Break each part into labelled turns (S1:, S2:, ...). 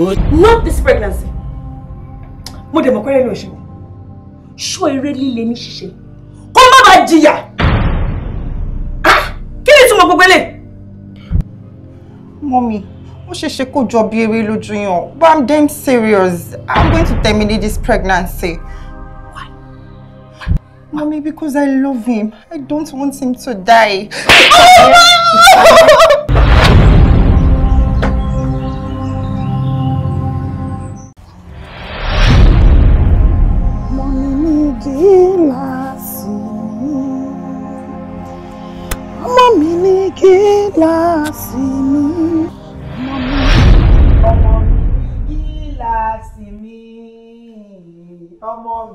S1: good. Not this pregnancy. Mo dẹ̀ mọ̀ pé lẹ́nu òṣèlú. Ṣó eré líle ní ṣíṣe. Kó má bàa Ah, Kí ni ìtumọ̀ gbogbo eléyìí?
S2: Mommy, ó ṣe ṣe kó jọ bí eré lójú yàn. But I'm damn serious. I'm going to terminate this pregnancy. Why? Why? because I love him. I don't want him to die. Oh,
S3: sí mi.
S2: ọmọ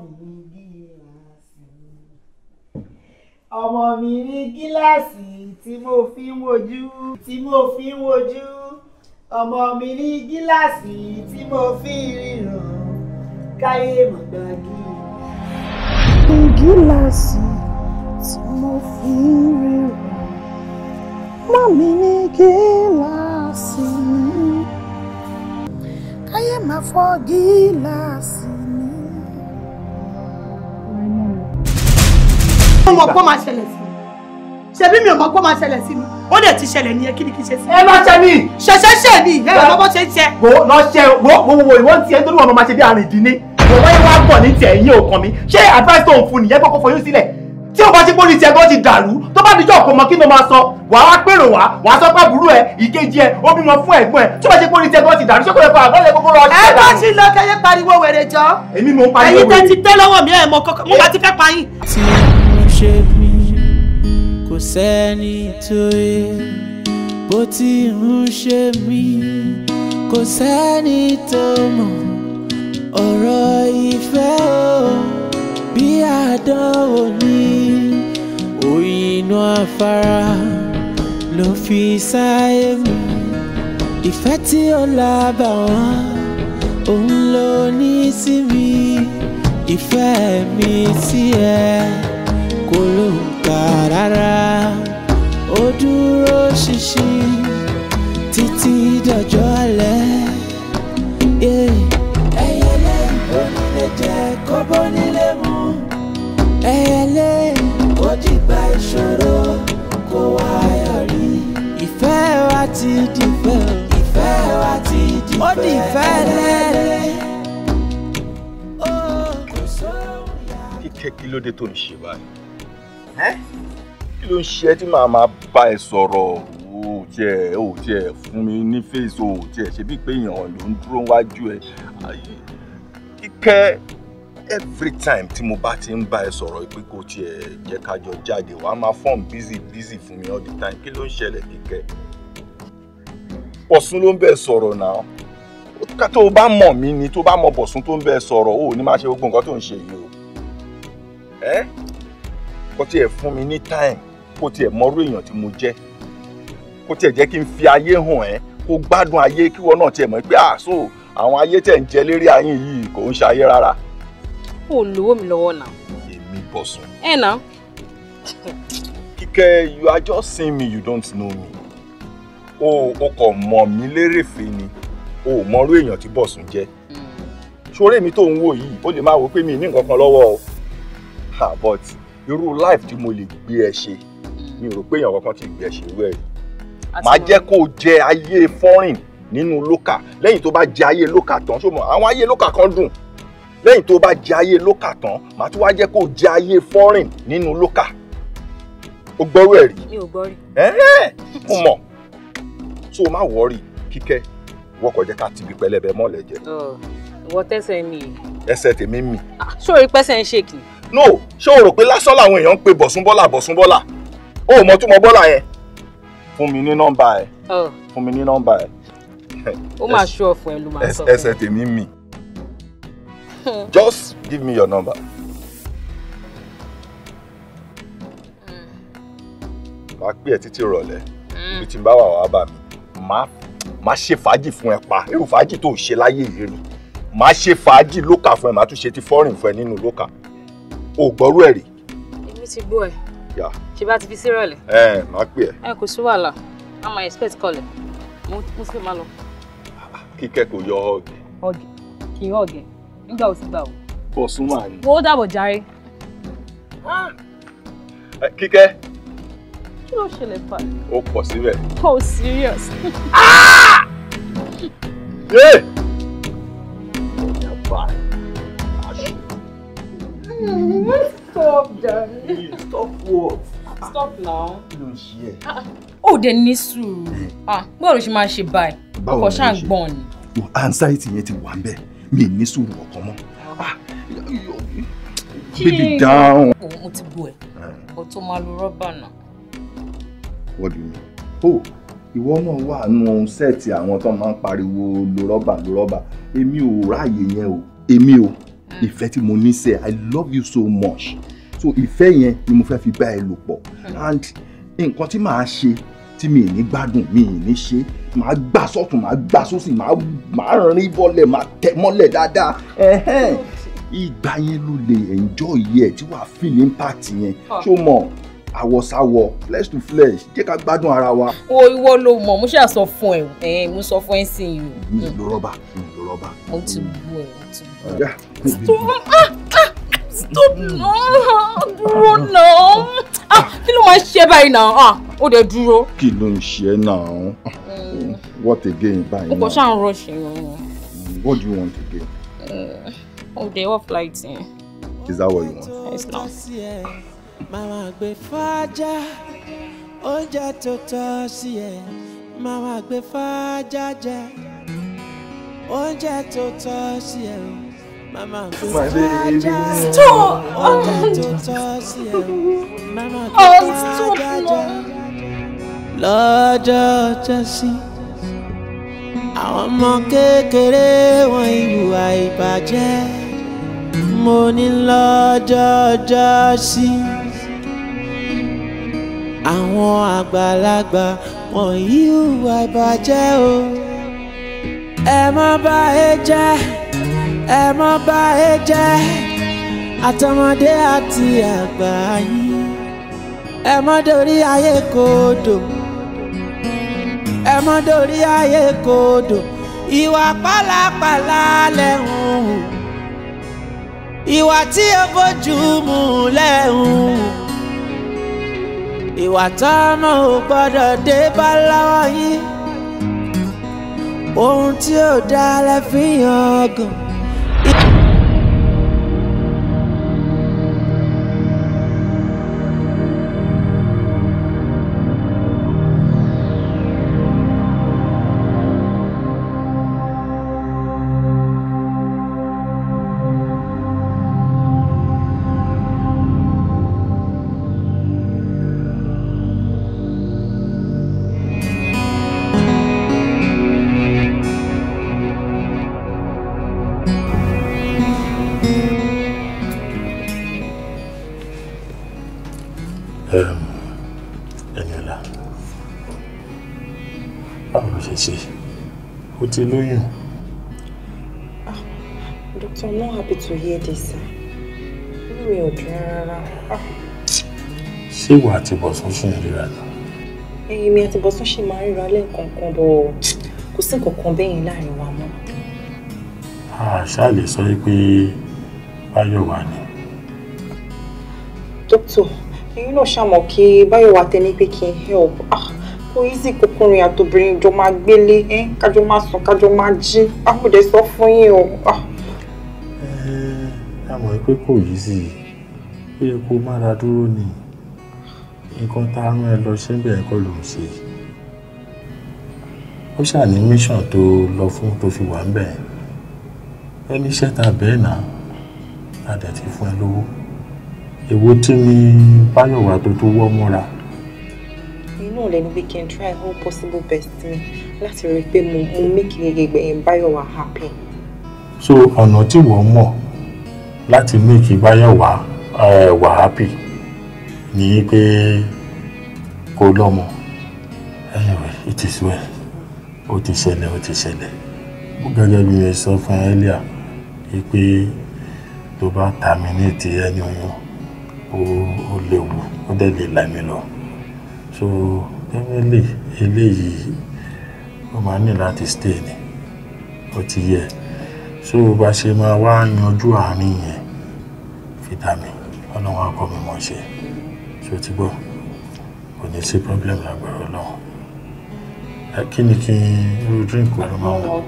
S2: mi ọmọ mi gíláàsì
S1: mi ọmọ mi gíláàsì mi ọmọ mi ní gíláàsì tí mo fi ń wojú tí mo fi ń wojú ọmọ mi ní gíláàsì tí mo fi ń ríran káyé mọ̀gbàgì.
S3: gíláàsì tí mo fi ń ríran. Mami ni gilasi. mi káyé máa fọ́ gíláàsì mi.
S1: mo mọ̀ pé ó máa ṣẹlẹ̀ sí mi ṣebí mi ò mọ̀ máa ṣẹlẹ̀ sí mi ó dẹ̀ ti ṣẹlẹ̀ nìyẹn kí ni kí n ṣe sí. ẹ lọ ṣe mí. ṣẹṣẹ ṣe ni ẹ lọ bọ́ ṣe ń ṣe. wo lọ ṣe wo wo
S4: wo ìwọ ń tiẹ̀ nítorí wọn máa ṣe bí arìndínní. mo wáyé wá bọ̀ ní tiẹ̀ yín ò kàn mí ṣé advice tó ń fún nìyẹn kọ́kọ́ fọyín sílẹ̀ tí o bá ti pólí ti ẹgbẹ́ ti dàrú tó bá dijọ́ kò mọ kí ló máa sọ wà á pèrò wá
S1: wà á sọ pé àbúrò ẹ ìkejì ẹ ó bímọ fún ẹ̀gbọ́n ẹ tí o bá ti pólí ẹgbẹ́ ti dàrú ṣé kò yẹ kó àgbọ̀lẹ̀ kókó lọ ọdún. ẹ bá ti lọ kẹyẹ pariwo wèrè jọ. èmi mò ń pariwo wèrè. ẹ̀yin tẹ ti tẹ lọ́wọ́ mi ẹ mọ kọkọ mo bá ti fẹ́ pa yín.
S3: tí mo ṣe mí kò sẹ́ni tó yẹ bó ti ń ṣe mí kò sẹ́ni tó mọ̀ ọ̀rọ̀ ìfẹ́ o bí àdánwò ni afárá ló fi sáyé mi ìfẹ́ tí ó là bá wọn òun ló ní sí mi ìfẹ́ mi sí ẹ kò ló ń kà rárá ó dúró ṣinṣin títí dọjọ́ alẹ́. ẹyẹlé onílé jẹ kọ́bọ́ nílé mu ẹyẹlé ó dìgbà ìṣòro. wa ti di fẹ́ ìfẹ́ wa ti di fẹ́. ó di ìfẹ́ lẹ́lẹ́.
S5: kíkẹ́ kí ló dé tó ń ṣe báyìí? kí ló ń ṣe tí màá máa bá ẹ sọ̀rọ̀ o tiẹ̀ fún mi ní fèsì o ṣe bíi pé èèyàn ló ń dúró wájú ẹ. kíkẹ́ every time tí mo bá ti ń bá ẹ sọ̀rọ̀ pé kò tiẹ̀ jẹ́ ká jọ jáde wàá máa fọ́ọ̀mù busy busy fún mi all the time kí ló ń ṣẹlẹ̀ kíkẹ́. bọ̀sùn ló ń bẹ̀ sọ̀rọ̀ náà ká tó o bá mọ̀ mí ni tó o bá mọ bọ̀sùn tó ń bẹ̀ sọ̀rọ̀ o ò ní máa ṣe gbogbo nǹkan tó ń ṣe yìí o ẹ kó tiẹ̀ fún mi ní time kó tiẹ̀ mọ́rú èèyàn tí mo jẹ́ kó tiẹ̀ jẹ́ kí n fi ayé hàn ẹ́ kó gbádùn ayé kíwọ náà tiẹ̀ mọ̀ pé ah, so àwọn ayé tẹ̀ ń jẹ lérí ayín yìí kò ń ṣe ayé rárá.
S6: o lówó mi lọ́wọ́ náà.
S5: èmi bọ̀sùn. ẹ náà. Kíkẹ́ you are just seeing me you don't know me. o o kò mọ̀ mí lérèfé ni o ò mọrú èèyàn tí bọ̀sùn jẹ́ hmm. ṣoré mi tó ń wò yìí ó lè máa wò pé mi ní nǹkan lọ́wọ́ o ha but irú life tí mo lè gbé ẹ ṣe hmm. mi rò pé èèyàn kankan ti gbé ẹ ṣe irú màá jẹ́ kó o jẹ ayé foreign nínú lókà lẹ́yìn tó bá jẹ ayé lókà tán ṣó mọ̀ àwọn ayé lókà kan dùn lẹ́yìn tó bá jẹ ayé lókà tán màá tún wá jẹ́ kó o jẹ ayé foreign nínú lókà o gbọ́rú ẹ̀ rí. mi ò gbọ́ rí. ẹ ẹ mọ̀ so má wọ́ọ̀rì kíkẹ́ wọ́n kò jẹ́ ká tìbí pẹlẹbẹ mọ́lẹ̀ jẹ.
S6: ìwọ tẹsẹ̀ mi.
S5: ẹsẹ̀ tèmi mi.
S6: ṣé o rí pẹ́sẹ̀ ń ṣèkì.
S5: no ṣé o rò pé lásán làwọn èèyàn ń pe bọ̀súnbọ́là bola o ò mọ mo bọ́là yẹn. fún mi ní nọ́mbà ẹ fún mi ní nọ́mbà ẹ. ó ma show
S6: ọ̀fun ẹ ló máa sọ fún mi. ẹsẹ̀
S5: tèmi mi. just give me your number. máa pè ẹ́ títí role. Hmm. ibi tí n bá wà wá mi máa máa ṣe fàájì fún ẹ pa irú fàájì tó ṣe láyé yìí ni máa ṣe fàájì lókà fún ẹ máa tún ṣe ti fọ́rìn fún ẹ nínú lókà o gbọ́rú ẹ̀ rí.
S6: èmi ti gbọ́ ẹ ṣe bá ti fi sí ìrọ̀lẹ́.
S5: ẹ máa pè ẹ.
S6: ẹ kò sí wàhálà a máa expect call ẹ mo fẹ́ máa lọ.
S5: kíkẹ́ kò yọ ọ̀gẹ̀. ọ̀gẹ̀
S6: kì í ọ̀gẹ̀ nígbà ò gbà o.
S5: bọ̀ súnmọ́ àná.
S6: wo dàbọ̀ jàre. kíkẹ́ kí ló ṣẹlẹ̀ pa.
S5: ó pọ̀ síbẹ̀.
S6: oh serious. yé ọjà bá a. stop darling. stop what. stop now. kí ló ń ṣe ẹ. ó dẹ̀ ní sùúrù báwo ló ṣe máa ṣe báyìí ọkọ̀ ṣáà ń gbọ̀n
S5: ni. anxiety yẹn ti wà ń bẹ̀ mi ì ní sùúrù ọkàn mọ́ ah,
S6: baby down. Oh, mo ti bu ẹ o ah. tó máa lo rọ́bà náà.
S5: What do you mean? Oh, ìwọ náà wà nù sẹ́ẹ̀tì àwọn tó máa ń pariwo lo rọ́bà lo rọ́bà èmi ò ráàyè yẹn o èmi o hmm. ìfẹ́ tí mo ní sẹ́ I love you so much so ìfẹ́ yẹn ni mo fẹ́ fi bá ẹ lò pọ̀ hmm. and nǹkan tí màá ṣe tí mi ì ní gbádùn mi ì ní ṣe màá gbà sọ́tún màá gbà sósì màá rìn bọ́lẹ̀ màá tẹ̀ mọ́lẹ̀ dáadáa oh, ìgbà yẹn ló lè enjoy yẹ tí wàá feel impact yẹn ṣó mọ̀ àwọ̀sáwọ̀ flesh to flesh jẹ́ ká gbádùn ara wa. o
S6: ìwọ ló mọ̀ mo ṣáà sọ fún ẹ mo sọ fún ẹ sí i o.
S5: mi ìlò rọ́bà mi ìlò rọ́bà. mo ti bu ẹ mo ti bu ẹ. stop ah,
S6: ah, dúró náà ah, kí ló máa ń ṣe báyìí náà ó dẹ̀ dúró.
S5: kí ló ń ṣe náà mm. what again báyìí náà. o kò ṣáà ń rush yẹn. what do you want again.
S6: Uh, oh, day off lighting.
S5: Is that what you want? It's
S6: not
S3: màmá gbé fájá oúnjẹ tó tọ́ sí ẹ màmá gbé fájá jẹ oúnjẹ tó tọ́ sí ẹ o màmá gbé fájá oúnjẹ tó tọ́ sí ẹ màmá gbé oh, fájá jẹ lọ́jọ́ jẹ́sí àwọn ọmọ kékeré wọn ìwà ìbàjẹ́ mo ní lọ́jọ́ jọ́sí àwọn àgbàlagbà wọ̀nyí hùwà ìbàjẹ́ o. ẹ má bà é jẹ́ ẹ má bà é jẹ́ àtọmọdé àti àgbà yín ẹ má dorí ayé kodò ẹ má dorí ayé kodò ìwà pálapàla lẹ́hùn ìwà tí ó bójú mu lẹ́hùn ìwà tá a mọ̀ ò gbọ́dọ̀ dé bá lọ́wọ́ yín ohun tí ò dáa lẹ́ fi yàn
S7: ó ti lóyún.
S2: Ah, Doctor, I'm not happy to hear this. Inú mi ò dùn rárá.
S7: Ah. Ṣé ìwà àti Bọ̀sún ṣì ń ríra ni?
S2: Eh, èmi àti Bọ̀sún ṣì máa ń ríra lẹ́ẹ̀kọ̀ọ̀kan bọ̀ kò sí nǹkan kan bẹ́yìn láàrin wa mọ́.
S7: Àṣà lè sọ pé Báyọ̀wá ni.
S2: Doctor, ẹ̀yin náà ṣàmọ̀ kí Báyọ̀wá tẹ́ ní pé kí n help kó easy kọkùnrin àtòbìnrin jọ máa gbélé kájọ máa sùn kájọ máa jí àmúdẹ ah, sọ fún yín o.
S7: àmọ́ ah. eh, pé kò yí sí i pé kó mára dúró ni nǹkan tá a rán ẹ lọ ṣẹ́ńbẹ̀ ẹ̀kọ́ ló ń ṣe ó ṣàní mission tó lọ fún tó fi wà ń bẹ̀ ẹni iṣẹ́ ta bẹ́ẹ̀ náà a dẹ̀ ti fún ẹ lówó èwo tí ni báyọ̀wá tó tó wọ́ múra
S2: náà lẹnu pé kí n try all possible best mi láti rí pé mo mo make gbẹgbẹ ẹ̀ báyọ̀ wá happy.
S7: so ọ̀nà tí wọ́n mọ̀ láti make báyọ̀ wá eh, wá happy ni pé kó lọ́mọ anyway it is well ó ti ṣẹlẹ̀ ó ti ṣẹlẹ̀ gẹ́gẹ́ bí ẹ sọ fún elia pé tó bá terminate ẹni oyún ó léwu ó dẹ̀ lè là lọ so definitely eléyìí ó máa ní láti stay ni ó ti yẹ so bá ṣe máa wá yanjú àárín yẹn fìdámì ọlọ́run akọ mi mọ̀ ṣe so ti gbọ́ kò ní sí problem lágbára ọlọ́run ẹ kí ni kí n irú drink pẹ̀lú máa wọn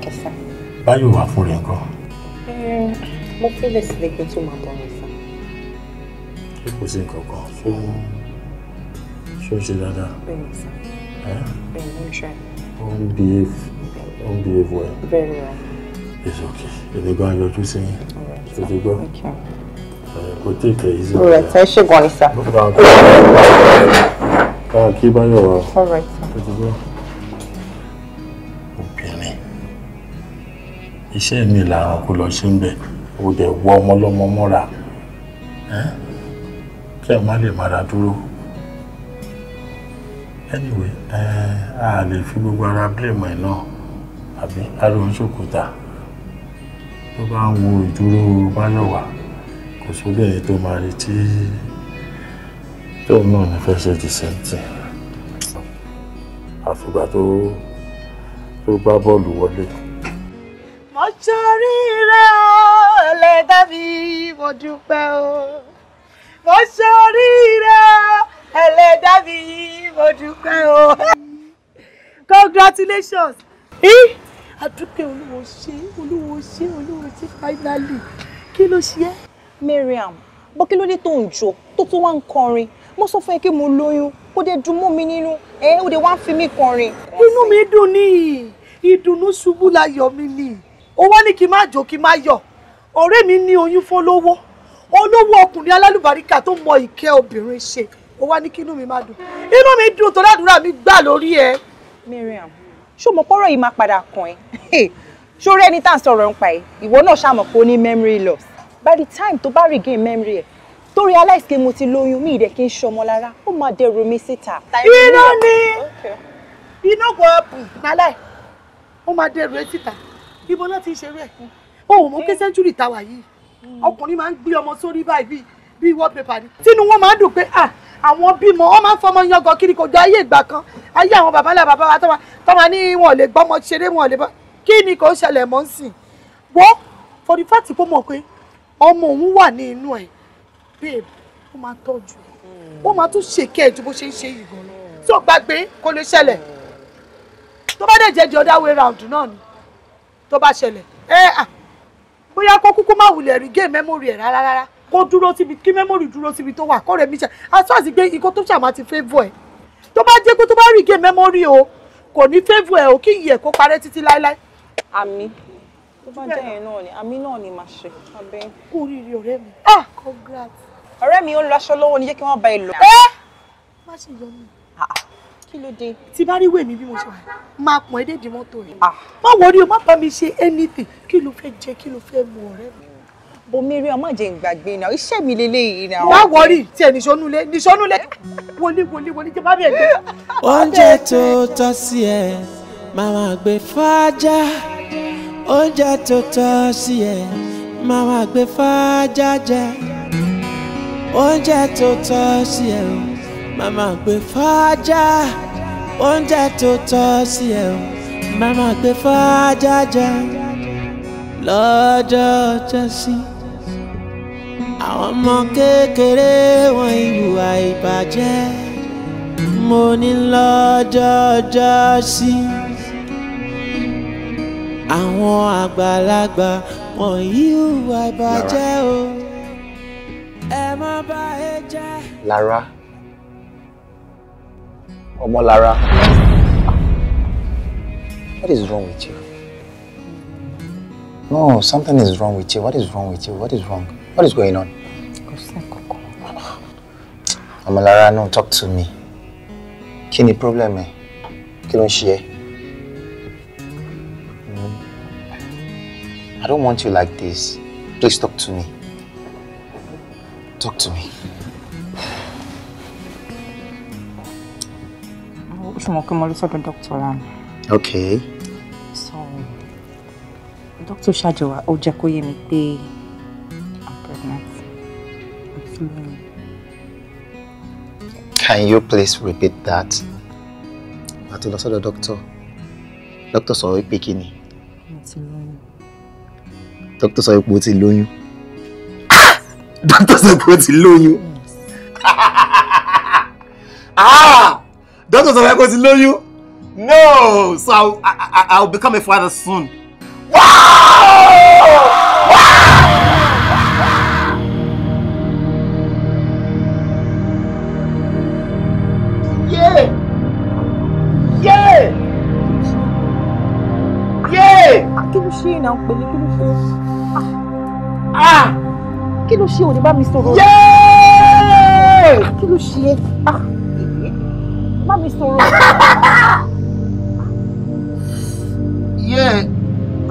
S7: báyọ̀ wà fún rẹ̀ nǹkan.
S2: Hmm, mo fẹ́lẹ̀ sílẹ̀ kí tó máa bọ̀ wọn sá.
S7: kí kò sí nǹkan kan fún. So she ṣe that, bẹ́ẹ̀ni sá bẹ́ẹ̀ni ń ṣe. behave ó ń behave well. very well. it's okay èmi gan yọjú sí yín ṣe ti gbọ́ okay. tí ì take yìí easy. all
S2: right ẹ ṣe gan ni sá.
S7: báà kí báyọ̀ wá. all right sá. ṣe ti gbọ́. obìnrin iṣẹ́ mi làwọn kò lọ ṣe ń bẹ̀ o dẹ̀ wọ ọmọ lọ́mọ mọ́ra kí ẹ má lè mara dúró anyway ẹ a lè fi gbogbo ara blame ẹ náà àbí aróhun ṣòkòtà tó bá ń wo ìdúró báyọ̀wá kò sóbẹ̀ èyí tó máa rí tóun náà ní fẹ́ ṣe the same thing àfìgbà tó tó gbá bọ́ọ̀lù wọlé.
S1: mo torí rẹ o ẹlẹ́dàá mi mo dúpẹ́ o mo torí rẹ o ẹlẹ́dá mi mo dúpẹ́ o. congratulations. àdúpẹ́ olúwo ṣe olúwo ṣe olúwo ṣe finally kí ló ṣe é. Mariam bó kí ló dé tó ń jó tó tó wá ń kọrin mo sọ fún ẹ pé mo lóyún ó dé dùn mọ́ mi nínú ẹ ó dé wá ń fi mí kọrin. inú mi dùn ní ìdùnnú ṣubú láyọ̀ mi ni ó wá ní kí n má jó kí n má yọ̀ ọ̀rẹ́ mi ní oyún fún olówó olówó ọkùnrin alálùbáríkà tó mọ ìkẹ́ obìnrin ṣe ó wá ní kí mi má dùn inú mi dùn tó ládùúrà mi gbà lórí ẹ.
S2: Miriam ṣó mọ pọ́rọ̀ yìí máa padà kàn ẹ́ ṣórí ẹni tá à ń sọ̀rọ̀ ń pa ẹ̀ ìwọ náà ṣàmọ̀ pé ó ní memory loss by the time to bá regain memory ẹ̀ tó realize pé mo ti lóyún mi ìdẹ̀ kí n ṣọmọ lára ó máa dẹrù mi síta. iná
S1: ni iná kò ọ̀pù nálẹ̀ ó máa dẹrù ẹ síta ibo náà ti ń ṣerú ẹ̀ o ò mọ century sẹ́ńtúrì táwa yìí hmm. ọkùnrin máa ń gbé ọmọ sórí báyìí bíi wallpaper ni tínú wọn máa ń dùn pé ah àwọn bímọ wọn máa ń fọmọ yangàn kiri kò jọ ayé ìgbà kan ayé àwọn bàbá ńlá bàbá wa tọ́ma ní wọn ò lè gbọ́mọ ṣeré wọn ò lè bọ́ kí ni kò ṣẹlẹ̀ mọ́ sí i wo for the fact kó mọ̀ pé ọmọ òun wà ní inú ẹ̀ babe ó máa tọ́jú ẹ̀ ó máa tún ṣèké ẹ̀ ju bó ṣe ń ṣe yìí gan lọ tí ò gbàgbé kó lè ṣẹlẹ̀ tó bá dẹ̀ jẹ́ the other way round náà ni tó bá ṣẹlẹ̀ ẹ eh, ah, bóyá kó kúkú má wulẹ̀ rí gé mẹ́mórì ẹ̀ rárá rárá kó dúró síbi kí mẹ́mórì dúró síbi tó wà kọ́ rẹ̀ mi ṣe aṣọ àti pé ikọ́ tó ṣàmà ti favour ẹ̀ tó bá jẹ́ pé tó bá rí ike mẹ́mórì o kò ní favour ẹ̀ o kí iyì kó parẹ́ títí láéláé. àmì
S2: tó bá jẹ́ yẹn náà ni àmì náà ni màá ṣe abẹ́. kú rírì ọ̀rẹ́
S1: mi. ah congrats.
S2: ọ̀rẹ́ mi ó ń lọ́ṣọ́ lọ́wọ́
S1: ni jẹ́ kí wọ́n bá ẹ lọ. ẹ eh! má ṣe yọ mí. Ah, ah. kí ló dé. tí bá rí wèmí bí mo ṣe wà máa pọ̀n ẹ́ dèdè mọ́tò rẹ̀. Ah. má wọrí o má bá mi ṣe anything kí ló fẹ́ jẹ kí ló fẹ́ mu ọ̀rẹ́ mi bomiria má jẹ́ ìgbàgbé náà iṣẹ́ mi leléyìí náà. wá wọrí tí ẹ nìṣọ́nulẹ̀ nìṣọ́nulẹ̀ wọlé wọlé wọlé jẹ́ bábí ẹ̀gbẹ́.
S3: oúnjẹ tó tọ́ sí ẹ màmá gbé fájá oúnjẹ tó tọ́ sí ẹ màmá gbé fájá jẹ oúnjẹ tó tọ́ sí ẹ o màmá gbé fájá oúnjẹ tó tọ́ sí ẹ o màmá gbé fájá jẹ lọ́jọ́ jẹ́sí àwọn ọmọ kékeré wọn ìwà ìbàjẹ́ mo ní lọ́jọ́jọ́ sí àwọn àgbàlagbà wọn ìwà ìbàjẹ́ o ẹ má bà ẹ jẹ́.
S4: Lára ọmọ Lára what is wrong with you? No, something is wrong with you. What is wrong with you? What is wrong? What is going on? I'm Ọmọlára, no, talk to me. Kini problem eh? Kí ló hmm. I don't want you like this. Please talk to me. Talk to me.
S2: Ó ṣe mọ̀ pé mo lọ sọ́dọ̀ dọ́kítọ̀ lánàá. Okay. So, dọ́kítọ̀ ṣàjọwà ó jẹ́ kó yé
S4: Can you please repeat that? Àti lọ sọ́dọ̀ doctor. Doctor sọ wípé kí ni? Doctor sọ wípé o ti lóyún. Doctor sọ wípé o ti lóyún. Doctor sọ wípé o ti lóyún. No! So I'll, I, I'll become a father soon. Wow!
S2: ṣe ìnà pèlè kí ló ṣe é. Ah! Ah! kí ló ṣe òní bá mi sọ̀rọ̀.
S1: kí ló ṣe ah! bá mi sọ̀rọ̀. yé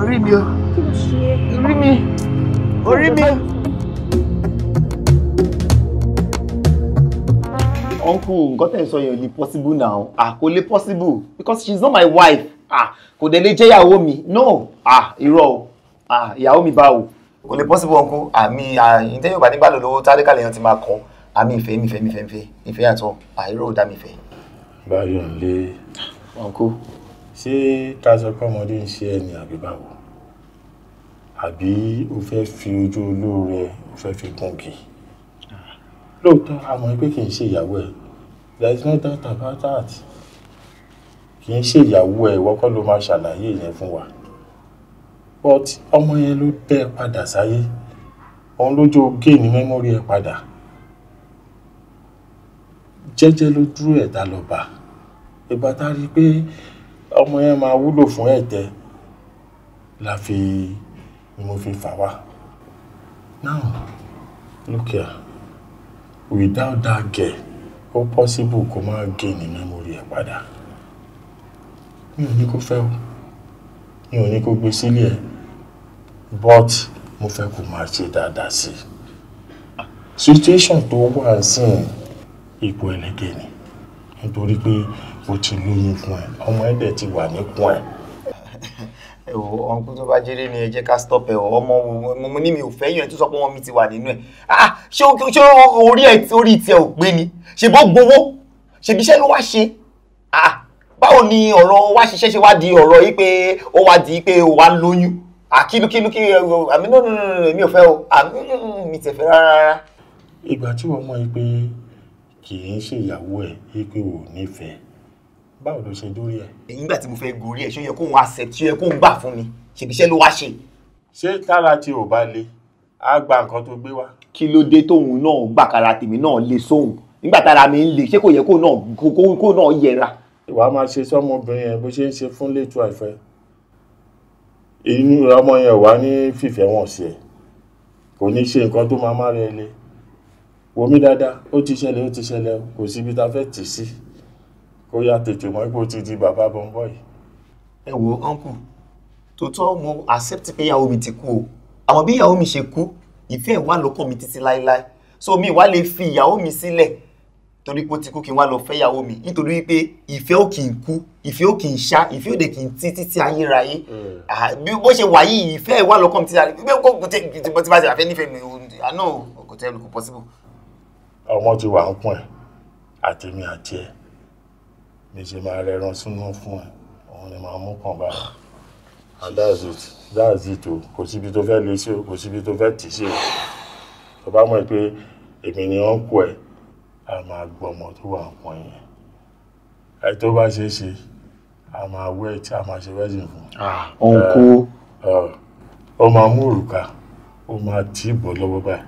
S1: orí mi o orí mi
S4: orí mi. uncle nǹkan tẹ̀ ń sọ yẹn ò lè possible now ah kò lè possible because she is not my wife ah kò dé lè jẹ́ ìyàwó mi no ah irọ́ o ah ìyàwó mi báwo. kò lè pọ́sibú ọkùn àmì àyíntẹ́ yorùbá nígbà lò lówó tálíkà lèèyàn ti máa kọ àmì ìfẹ́ ìfẹ́ ìfẹ́ ìfẹ́ ìfẹ́ àtọ àìrò dá mi fẹ́.
S7: báyọ̀ ń lé ọkọ ṣé ká sọ pé ọmọdé ń ṣe ẹni àbí báwo àbí o fẹ́ fi ojú olóore o fẹ́ fi gùn kì ah. lóòótọ́ àmọ́ pé kì í ṣe ìyàwó ẹ̀ there is no doubt about that kì í ṣe ìyàwó ẹ ìwọ kọ́ ló máa ṣàlàyé yẹn fún wa but ọmọ yẹn ló dẹ́ padà sáyé òun lójó gé ní mẹ́mórì ẹ padà jẹ́jẹ́ ló dúró ẹ̀ ta lọ bá ìgbà tá a rí i pé ọmọ yẹn máa wúlò fún ẹ̀tẹ́ la fi ni mo fi fà wá now look here without that girl ó possible kó má gé ní mẹ́mórì ẹ padà mi ò ní kó fẹ́ o mi ò ní kó gbé sílé ẹ̀ but mo fẹ́ kó máa ṣe dáadáa sí i situation tó wà sí ipò ẹlẹ́gẹ̀ ni nítorí pé o ti lóyún fún ẹ ọmọ ẹ dẹ̀ ti wà níkùn ẹ ọkùn
S4: tó bá jẹrẹ ni ẹ jẹ́ ká stop ẹ ọmọ mo ní mi ò fẹ́ yàn ẹ tó sọ pé wọn mi ti wà nínú ẹ ah ṣé orí ẹ orí tiẹ ò gbé ni ṣe bó gbowó ṣèbí iṣẹ́ ló wá ṣe báwo ni ọ̀rọ̀ wá ṣiṣẹ́ ṣe wá di ọ̀rọ̀ yìí pé ó wá di pé ó wá lóyún àkílùkílù kí àmì náà nínú mi ò fẹ́ o àmì mi tẹ̀fẹ́ rárá. ìgbà tí wọ́n mọ̀ yìí pé
S7: kì í ṣe ìyàwó ẹ̀ yìí pé ò nífẹ̀ẹ́ báwo ló ṣe dórí ẹ̀. nígbà tí mo fẹ́ gorí ẹ̀ ṣó yẹ kóun accept ṣó yẹ kóun gbà fún mi ṣèbíṣẹ́ ló wá ṣe. ṣé tára tí
S4: ò bá le á gba nǹkan tó gbé wá. kí ló dé tóun náà gbàkàrà tèmi náà le sóhun nígbà tára mi ń le ṣé kò yẹ kóun náà yẹra ìwà máa ṣe sọ́mọbìnrin yẹn
S7: bó ṣe ń ṣe fún létu àìfẹ́ inú ọmọ yẹn wà ní fìfẹ́ wọn sí ẹ kò ní ṣe nǹkan tó máa má rẹ lé wòmí dáadáa ó ti ṣẹlẹ̀ ó ti ṣẹlẹ̀ kò síbi tá a fẹ́ tì sí kó yá tètè mọ́ ipò ti di bàbá bọ́ńbọ́
S4: yìí. ẹ wo uncle tòótọ́ mo accept pé ìyàwó mi ti kú o àmọ́ bí ìyàwó mi ṣe kú ìfẹ́ ẹ̀ wà lọ́kàn mi títí láéláé so mi wá lè fi ìyàwó mi sílẹ̀ si torí pé ó ti kú kí n wá lọ fẹ́ ìyàwó mi nítorí wípé ìfẹ́ ò kì í kú ìfẹ́ ò kì í ṣá ìfẹ́ òde kì í tí títí ayérayé mm. ah, bí bó ṣe wà yìí ìfẹ́ ìwà lọ́kàn mi ti rárá bí kò tẹ tí bá ti àfẹ́ nífẹ̀ẹ́ mi àná kò tẹ kò possible.
S7: ọmọ ti wà ń pọn ẹ àtẹmí àti ẹ mi ṣe máa rẹran sínú fún ẹ òun ni màá mú kàn bá and that's it o kò síbi tó fẹ́ lè ṣe o kò síbi tó fẹ́ tì ṣe o tó bá mọ̀ pé èmi ni wọ́n a máa gbọ́mọ tó wà pọ̀ yẹn ẹ tó bá ṣe é ṣe a máa wẹ̀ tí a máa ṣe wedding fún. ọ̀nkú. Ah, eh, eh, ó máa mú òrùka ó máa tì í bọ̀ lọ́wọ́ báyìí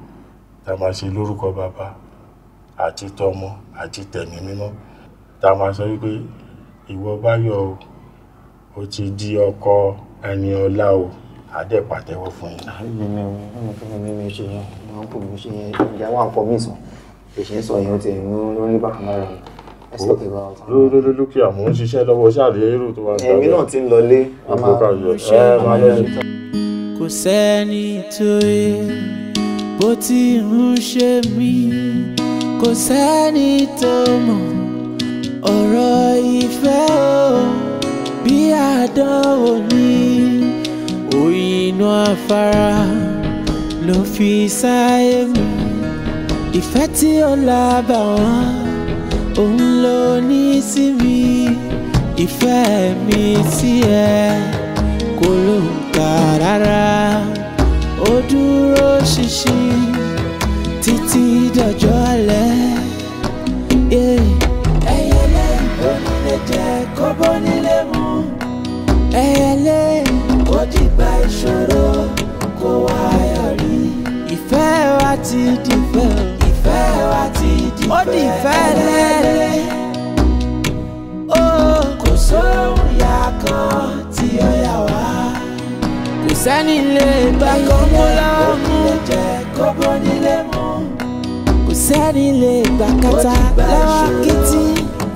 S7: tá a máa ṣe lórúkọ bàbá àti tọmọ àti tẹ̀mí mímọ́ tá a máa sọ wípé ìwọ báyọ̀ o ó ti di ọkọ ẹni ọlá o àdẹ́pàtẹ́wọ́ fún yín. àìyí
S4: ah, ni mo fẹ́ mi ṣe yẹn mo máa ń pò mí ṣe yẹn ìyá wa ń pọ̀ mí sàn ìṣe sọ yẹn ti ń lórí bákan náà rẹ
S7: lórí dúkìá mò ń
S4: ṣiṣẹ́ lọ́wọ́ ṣáàrí èrò tó wà ń náà ti ń lọlé
S3: kò sẹ́ni tó yẹ bó ti ń ṣe mí kò sẹ́ni tó mọ̀ ọ̀rọ̀ ìfẹ́ o bí àdánwò ni òyìnbó afárá ló fi sáyé mi ìfẹ́ tí ó là bà wọ́n òun ló ní sí mi ìfẹ́ mi sí ẹ kò ló ń kà rárá ó dúró ṣinṣin títí dọjọ́ alẹ́. ẹyẹlé onílé jẹ kó bó nílé mu ẹyẹlé ó dìgbà ìṣòro kó wá yọrí. ìfẹ́ wa ti di wa ti di fẹ́lẹ́. ó di fẹ́lẹ́. kò sóhun ìyá kan tí ó yà wá. kò sẹ́ni lè gbà kó mú lọ́mú. kò jẹ́ kó bó nílé mú. kò sẹ́ni lè gbà kátà lọ́wọ́ kìtì.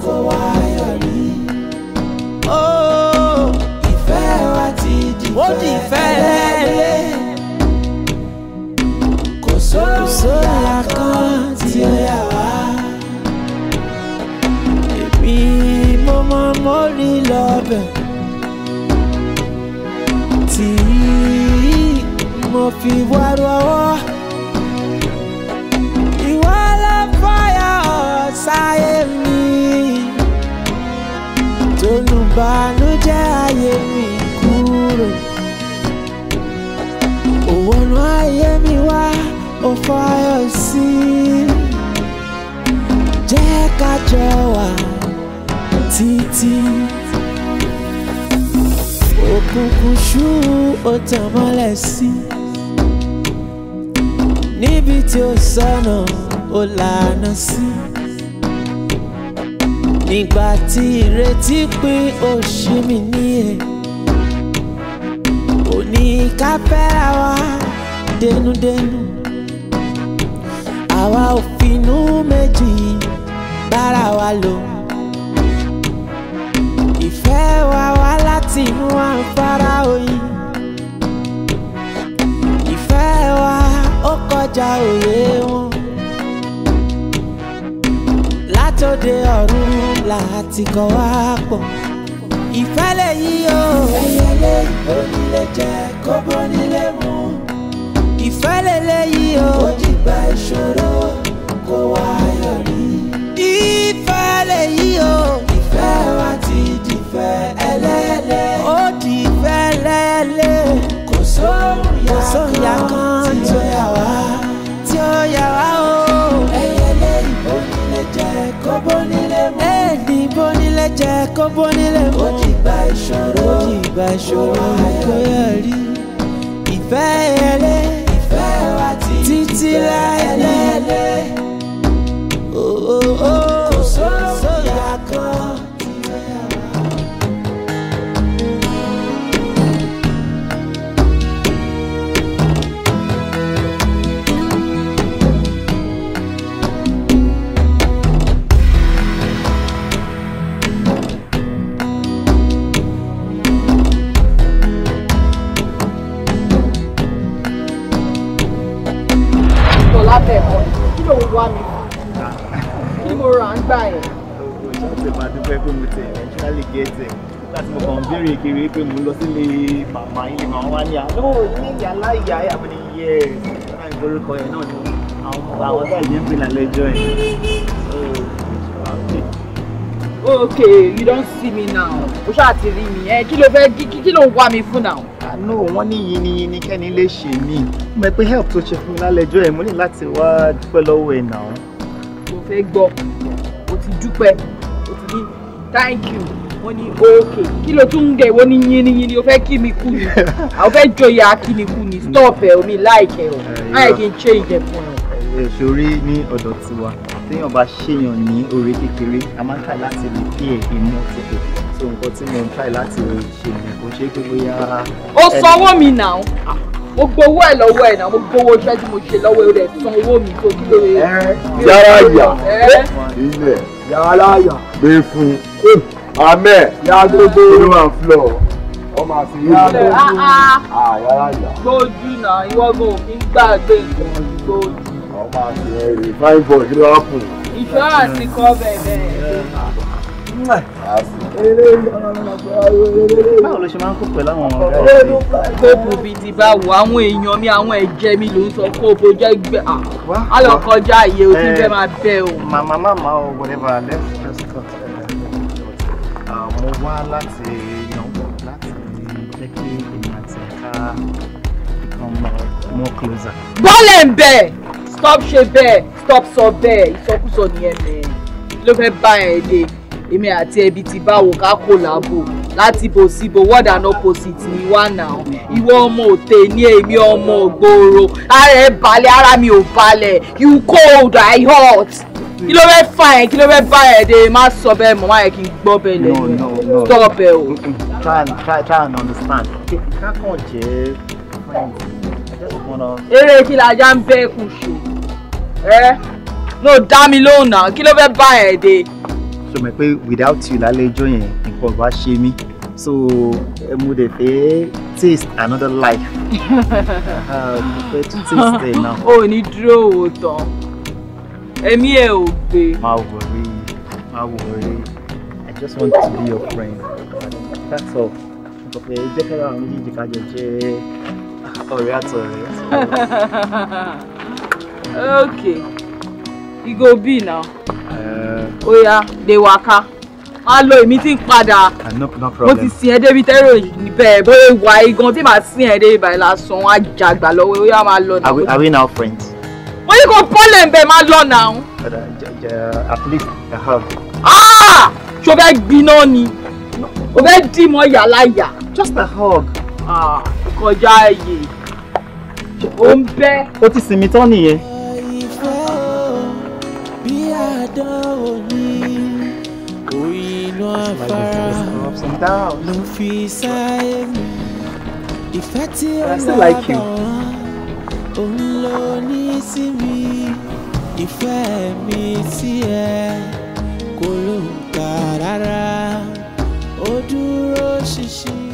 S3: kó wá yọrí. ìfẹ́ wa ti di fẹ́lẹ́. ó Kò sóhun ìyá kan tí ó yà wá. Èmi mo máa mórí lọ́bẹ̀ tí mo fi wá lọ́wọ́. Ìwọ ló fọyà ọ̀sáyé mi tó lù bànújẹ́ ayé mi kúrò. Òwòrán ayé mi wá ó fọyọ̀ sí i jẹ́ ká jọ wà títí. òkùnkùn ṣú ó tàn mọ́lẹ̀ sí níbi tí ó sọnà o lànà sí. nígbà tí ìrètí pín ó ṣí mi níyẹn òní ká fẹ́ra wa dénúdénú àwa ò finú mẹ́rin bára wa lò. Ìfẹ́ wa wá láti inú afárá oyin. Ìfẹ́ wa ó kọjá òye wọn. Látòde ọ̀run láti kọ́ wá pọ̀. Ìfẹ́ lè yí o. Ẹyẹlé onílé jẹ kóbó nílé mu. Ìfẹ́ lè lè yí o. Ó dìgbà ìṣòro kó wá yìí o. ìfẹ́ wa ti di fẹ́ ẹlẹ́lẹ́. ó di fẹ́ lẹ́lẹ́. kò sóhun ya kan tí ó yà wá. tí ó yà wá o. ẹyẹlé ìbò nílé jẹ kó bó nílé mú. ẹni bó nílé jẹ kó bó nílé mú. ó ti gba ìṣòro. ó ti gba ìṣòro kó yẹ rí. ìfẹ́ ẹlẹ́. ìfẹ́ wa ti di fẹ́ ẹlẹ́lẹ́. oh oh oh.
S6: okay you don't see me now o ṣáà ti rí mi ẹ kí ló fẹ́ kí ló ń wá mi fún now.
S4: àánú ah, wọn ní yiniyini kẹ́ni lè ṣe mí mo mọ̀ help to ṣe fún mi lálẹ́jọ́ ẹ̀ mo ní láti wá dúpẹ́ lọ́wọ́ ẹ̀ náà.
S6: mo fẹ́ gbọ́ o ti dúpẹ́ o ti ní thank you wọ́n ní ókè kí ló tún ń gẹ̀ wọ́n ní yínníyínní o fẹ́ kí mi kú ni àwọn fẹ́ jọyà kí mi kú ni stop ẹ̀ omi láìkẹ́ o láì kí n ṣe ìjẹ̀fun ẹ̀.
S4: èso rí ní ọ̀dọ̀ tiwa téèyàn bá ṣèyàn ní oore kékeré a máa ń kà láti lè kí ẹ̀ ìmú tètè so nǹkan tí mo ń try láti ṣe ni kò ṣe é pé bóyá. ó sanwó
S6: mi náà ah, mo gbowó ẹ lọ́wọ́ ẹ náà mo gbowó iṣẹ́ tí mo ṣe lọ́wọ́ rẹ san owó mi tó kí lóore. yàrá yà
S5: ilẹ̀ yàrá yà gbé fún un amẹ ya gbogbo olúwa flọ Ah, ah. ah. ah ya gbogbo àyàrá yà.
S6: lójú náà ìwọ gan òfin gbàgbé nǹkan lójú. ọmọ àti
S5: ẹrì eh, fine boy kí ló wá a
S6: ìṣọ́ àti kọ́ bẹ̀rẹ̀. báwo ló ṣe máa ń kó pẹ̀lú àwọn ọ̀rẹ́ rẹ̀. kóòpù bíi ti bá wo àwọn èèyàn mi àwọn ẹ̀jẹ̀ mi ló ń sọ kóòpù jẹ́ gbé àlọ́ ah, kọjá iye o ti eh, fẹ́ máa bẹ́ o.
S4: màmá màmá o whatever let's just cut mo wá láti ìnáwó láti jẹ́ kí èmi àti ẹ̀ka become more closer.
S6: bọ́ọ̀lù ń bẹ̀ stop ṣe bẹ́ẹ̀ stop sọ bẹ́ẹ̀ ìsọkúsọ nìyẹn mẹ́ẹ̀ ló fẹ́ bá ẹ̀ lé èmi àti ẹbí ti báwo ká kó làbò láti bò síbò word and opposite ni wá náà ìwọ ọmọ òtẹ ní èmi ọmọ ògbóró ara ẹ balẹ̀ ara mi ò balẹ̀ you cold i hot kí ló fẹ́ fà yẹn kí ló fẹ́ bá yẹn dé má sọ bẹ́ẹ̀ mọ̀ má yẹ kí n gbọ́ bẹ́ẹ̀ lẹ́yìn stop ẹ o.
S4: try and try, try and understand. kákan jẹ́
S6: eré kí lajá ń bẹ́ẹ̀ kù ṣù ẹ́ no dá mi lóhùn náà kí ló fẹ́ bá yẹn dé.
S4: So mọ̀ pé without you lálẹ́ ẹjọ́ yẹn nǹkan ọba ṣe mí so eh, mo dẹ̀ fẹ́ taste another life ah, mo
S6: fẹ́ taste ẹ̀ náà. o ní dúró wò tán èmi ẹ ò gbé. má worry má worry I just want to be your friend that's
S4: all mo fẹ́ jẹ́ kára àwọn méjèèjì kájọ jẹ́ ọ̀rẹ́ àtọ̀rẹ́.
S6: okay e go be now.
S4: Uh,
S6: oya dey waka meeting lo èmi tí ń padà
S4: uh, mo ti sin
S6: ẹ débi tẹ́rọ níbẹ̀ bóyá ìwà igan tí màá sin ẹ débi báyìí lásán á jàgbà lọ́wọ́ oya máa lọ náà. are we Are we
S4: now friends.
S6: mo ní kò pọ́lẹ̀ ń bẹ̀ now. But
S4: uh, at least a uh, hug. ah
S6: ṣo fẹ́ gbiná ni be fẹ́ dì mọ́ yàláyà. just a hug. ah kọjá ẹyẹ
S4: o ń bẹ́. o ti
S3: ups and downs. But I still like you. Ìfẹ́ mi sí ẹ kò ló ń kà rárá, ó dúró
S4: ṣinṣin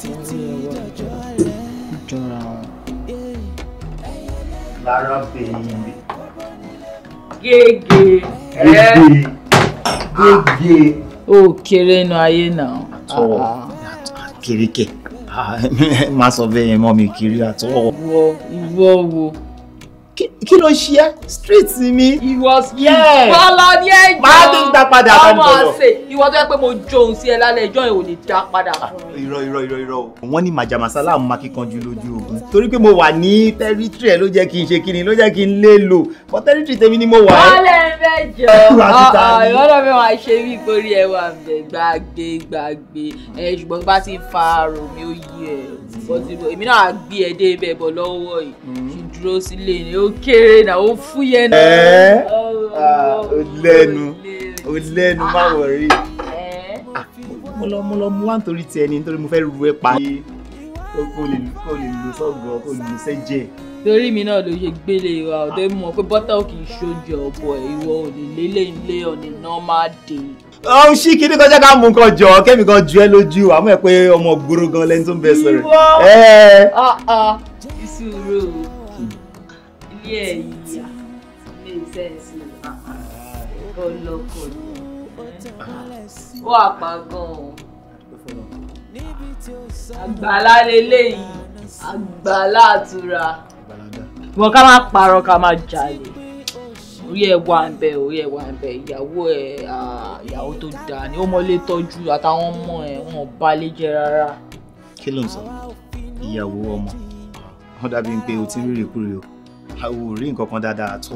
S4: títí dọjọ́ alẹ́. Lára
S6: ó kéré inú ayé náà. àtọ
S4: kérékè máa sọ bẹ́ẹ̀ yẹn mọ́ mi kiri àtọ. ìwọ ìwọ wo kí ló ń ṣe ẹ́ street mi. ìwọ sí bọ́lá ní ẹjọ́ máa tó ń dá padà bá mi bọ̀lọ̀. ọmọ
S6: ọ̀sẹ̀ ìwọ tó yẹ pé mo jóun sí ẹ lálẹ́ ẹjọ́ yẹn ò lè dá padà fún ah, mi.
S4: irọ́ irọ́ irọ́ irọ́ o. wọ́n ní màjàmásálà máa kíkanjú lójú ogun torí pé mo wà ní tẹ́rítírì ẹ̀ ló jẹ́ kí n ṣe kí ni ló jẹ́ kí n lé lò mọ tẹ́rítírì tèmi ni mo wà. bọ́lẹ̀
S6: mẹ́jọ ìrọ́lọ́ mi máa ṣe bí ìkórè ẹwà gbàgbé gbàgbé ẹ̀ ṣùgbọ́n bá ti fa àrò mi ó yí èmi náà gbé ẹ dé ibẹ̀ bọ̀ lọ́wọ́ yìí ṣì dúró sílé ni ó kéré náà ó fúyẹ́ náà. ẹ ó
S4: lẹ́nu ó lẹ́nu má ah, wọ̀rí mo lọ mo lọ mo wá nítorí tiẹ̀ ni nítorí mo fẹ́ ru ẹ pa kó lè kó lè lo sọ́gọ̀ kó lè lo sẹ́jẹ̀.
S6: torí mi náà ló ṣe gbélé wa ọ̀dọ́ mọ̀ pé bọ́tà ò kì í ṣojú ọ̀bọ̀ ìwọ ò lè lélẹ̀ ilé on a normal day
S4: ó ń ṣí kíní kọjá ká mú nǹkan jọ kẹ́mi kan ju ẹ lójú àmọ́ ẹ pé ọmọ gbòòrò gan lẹni tó ń bẹ sọ̀rọ̀. ìwọ
S6: ìṣòro ah, ah. ilé ẹ̀ yíyá ilé iṣẹ́ ìṣòro ọlọ́kọ̀ ni ó àpá gan-an àgbàlá leléyìí àgbàlá àtura wọn ká máa parọ́ ká máa jalè orí ẹ wà ń bẹ orí ẹ wà ń bẹ ìyàwó ẹ ìyàwó tó dáa ni ó mọlé tọ́jú àtàwọn ọmọ ẹ wọn balẹ jẹ rárá.
S4: kí ló ń sọ ìyàwó ọmọ wọn dàbí pé o ti ń rírì kúrè o àwọn ò rí nǹkan kan dáadáa at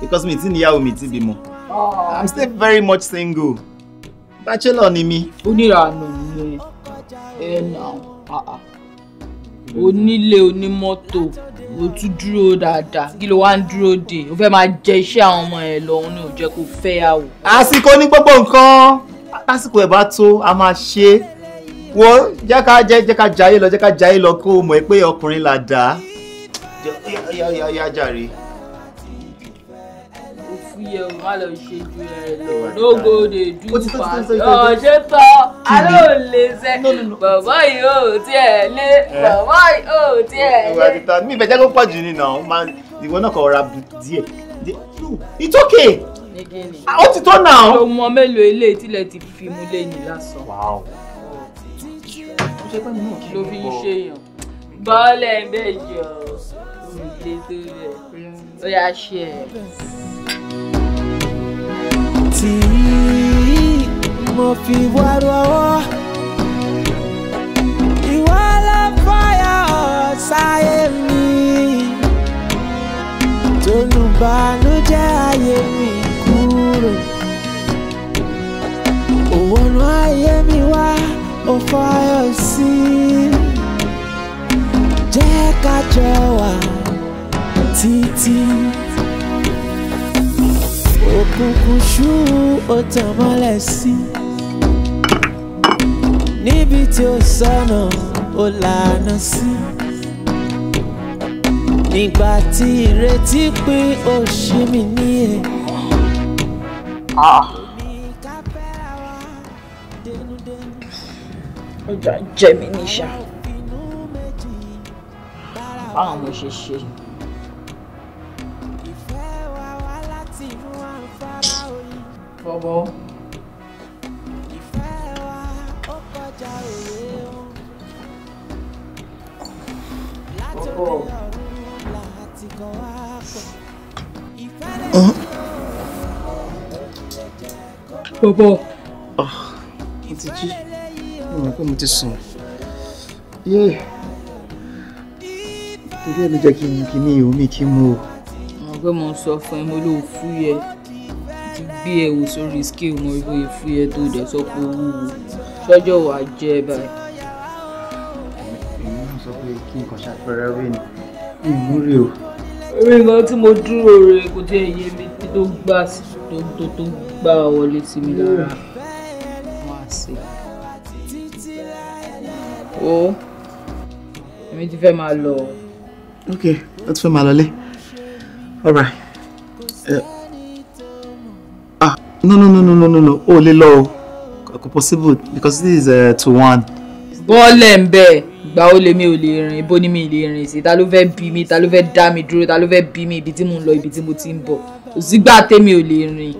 S4: because mi ti níyàwó mi ti bímọ
S6: ah. i'm still very much single bachelor ni mi. oníranù ni ẹ nà áà onílé onímọ́tò o tún dúró dáadáa kí ló wá ń dúró dè o fẹ́ máa jẹ iṣẹ́ àwọn ọmọ ẹ lọ òun ni ò jẹ́ kó fẹ́ àwò. àsìkò ní gbogbo nǹkan lásìkò ẹ̀ bá tó a máa ṣe é
S4: wo jẹ́ ká jẹ́ jẹ́ ká jayé lọ jẹ́ ká jayé lọ kó o mọ̀ pé ọkùnrin là dá yá yá yá jàre
S6: yẹ o má lọ ṣe ju ẹ lọ lógo de ju pàṣẹ ọṣẹ tọ alẹ ò lè ṣe bàbá yìí ò tiẹ̀ lé eh? bàbá yìí ò tiẹ̀ lé. mi
S4: ìbẹ̀jẹ̀ kó pọ̀ jù ni náà ìwọ náà kọ̀ ra díẹ̀ it's okay
S6: ah, ó ti tó náà. o mọ mélòó ilé ìtìlẹ̀ ti fi mú lẹ́yìn lásán. ló fi ń ṣèyàn bọ́ọ̀lù ẹ̀ ń bẹ̀ jọ òun ilé tó rẹ̀ ó yà ṣe ẹ̀
S3: tí mo fi wá rọwọ́ ìwọ ló fọyọ̀ sáyé mi tó nu bànújẹ́ ayé mi kúrò òwònú ayé mi wá ó fọyọ̀ sí jẹ́ ká jọ wà títí òkùnkùn ṣú ó tàn mọ́lẹ̀ sí níbi tí ó sọnà ó lànà sí nígbà tí ìrètí pín ó ṣí mi níyẹn.
S6: Ah. ọjà jẹ mi níṣà báwo mo ṣe ṣe. bọ̀bọ̀. ìfẹ́ wa ó kọjá òye o látòdì ọ̀run láti kọ́ wa pọ̀ ìfẹ́ rẹ̀ ó bọ̀bọ̀. mo ti jí mo
S4: mọ̀ pé mo ti sùn yéé torí ẹ̀ ló jẹ́ kí n kí ní ìhòmí kí n mú o.
S6: mo gbé mo sọ fún ẹ mo lóò fúyẹ́ gbé ẹ wò sórí scale mọ ibo ìfúyẹ́ tó dẹ̀ sọ pé ó wúwo sọ́jọ́ wàá jẹ́ báyìí. èmi náà sọ pé kí nǹkan ṣàpẹẹrẹ rí ni ìmúre o. orí nǹkan tí mo dúró rẹ̀ kò tí ì yé mi tó gbà tó tó gbà wọlé sí mi lára wọn á sè. o èmi ti fẹ́ máa lọ. ok
S4: ó ti fẹ́ máa lọlé all right.
S6: no no no no no no no o lè lọ o possible because this is uh, to one. bọ́ọ̀lẹ̀ ń bẹ̀ gba ó lé mi ò lè rìn ibo ni mi lè rìn sí ta ló fẹ́ bí mi ta ló fẹ́ dá mi dúró ta ló fẹ́ bí mi ibi tí mo ń lọ ibi tí mo ti ń bọ̀ kò tèmi ò lè rìn.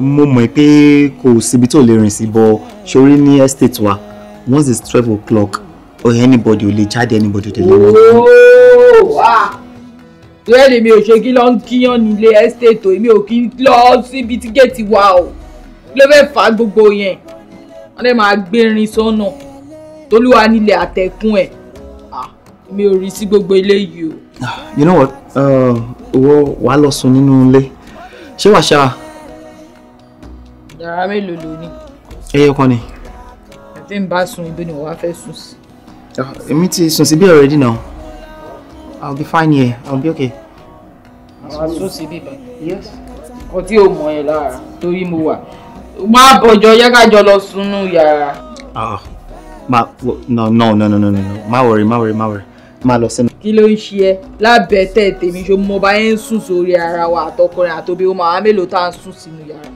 S4: mo mọ̀ pé kò síbi tó lè rìn sí bọ́ sórí ní estate wa once it's twelve o'clock or anybody ò lè jáde anybody ò lè lọ
S6: torí èmi ò ṣe kí ló ń kíyàn nílé ẹ́stéètò èmi ò kí lọ síbi tí géètì wà o ló fẹ́ fà gbogbo yẹn wọ́n lè máa gbérin sọ́nà tolúwa nílé àtẹ̀kùn ẹ̀ èmi ah, ò rí sí gbogbo eléyìí o.
S4: Ah, you know what owó uh, wàá lọ sùn nínú ilé ṣé wàá ṣá.
S6: yàrá mélòó ló ní. ẹyọ kan ni. ẹ fi ń bá sùn ibi ni wàá fẹ́ sùn sí.
S4: Ah, èmi ti sùn síbí already now. I'll be fine here. I'll be okay.
S6: so sí bíbá. Yes. What tí ò mọ̀ ẹ́ lára torí mo wà. Má bọ̀jọ yá kájọ lọ sunú yàrá.
S4: Ah, ah. Má no no no no no no Ma worry, ma worry, ma worry, ma lọ sínú.
S6: Kí ló ń ṣe ẹ́ lábẹ́ tẹ̀ tèmi ṣo mo bá yẹn ń sùn sórí ara wa àtọkùnrin àtòbí ó máa mélòó tá à ń sùn sínú yàrá.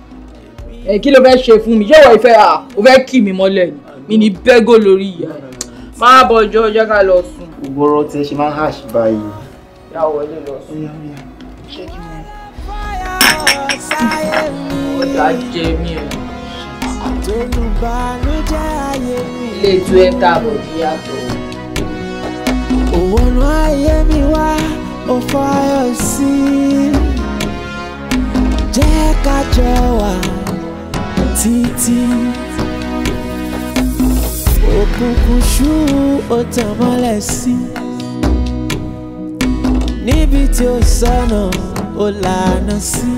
S6: Ẹ kí ló fẹ́ ṣe mi? Ṣé ìwọ ìfẹ́ à? Ah, o fẹ́ kì mí mọ́lẹ̀ ni? Mi ní bẹ́gò lórí ìyá má bọ̀ jọ jẹ́ ká lọ sùn.
S4: gbogbo ọ̀rọ̀ tiẹ̀ ṣe máa ń hash báyìí.
S6: yà wọlé lọ sùn. ọ̀dà jẹ mí ẹ̀. ilé ìtú ẹ̀ káàbọ̀ kí á tó. òwònú ayé mi wá
S3: ó fọyọ̀ sí i jẹ́ ká jọ wà títí òkùnkùn ṣú ó tàn mọ́lẹ̀ sí níbi tí ó sọnà ó lànà sí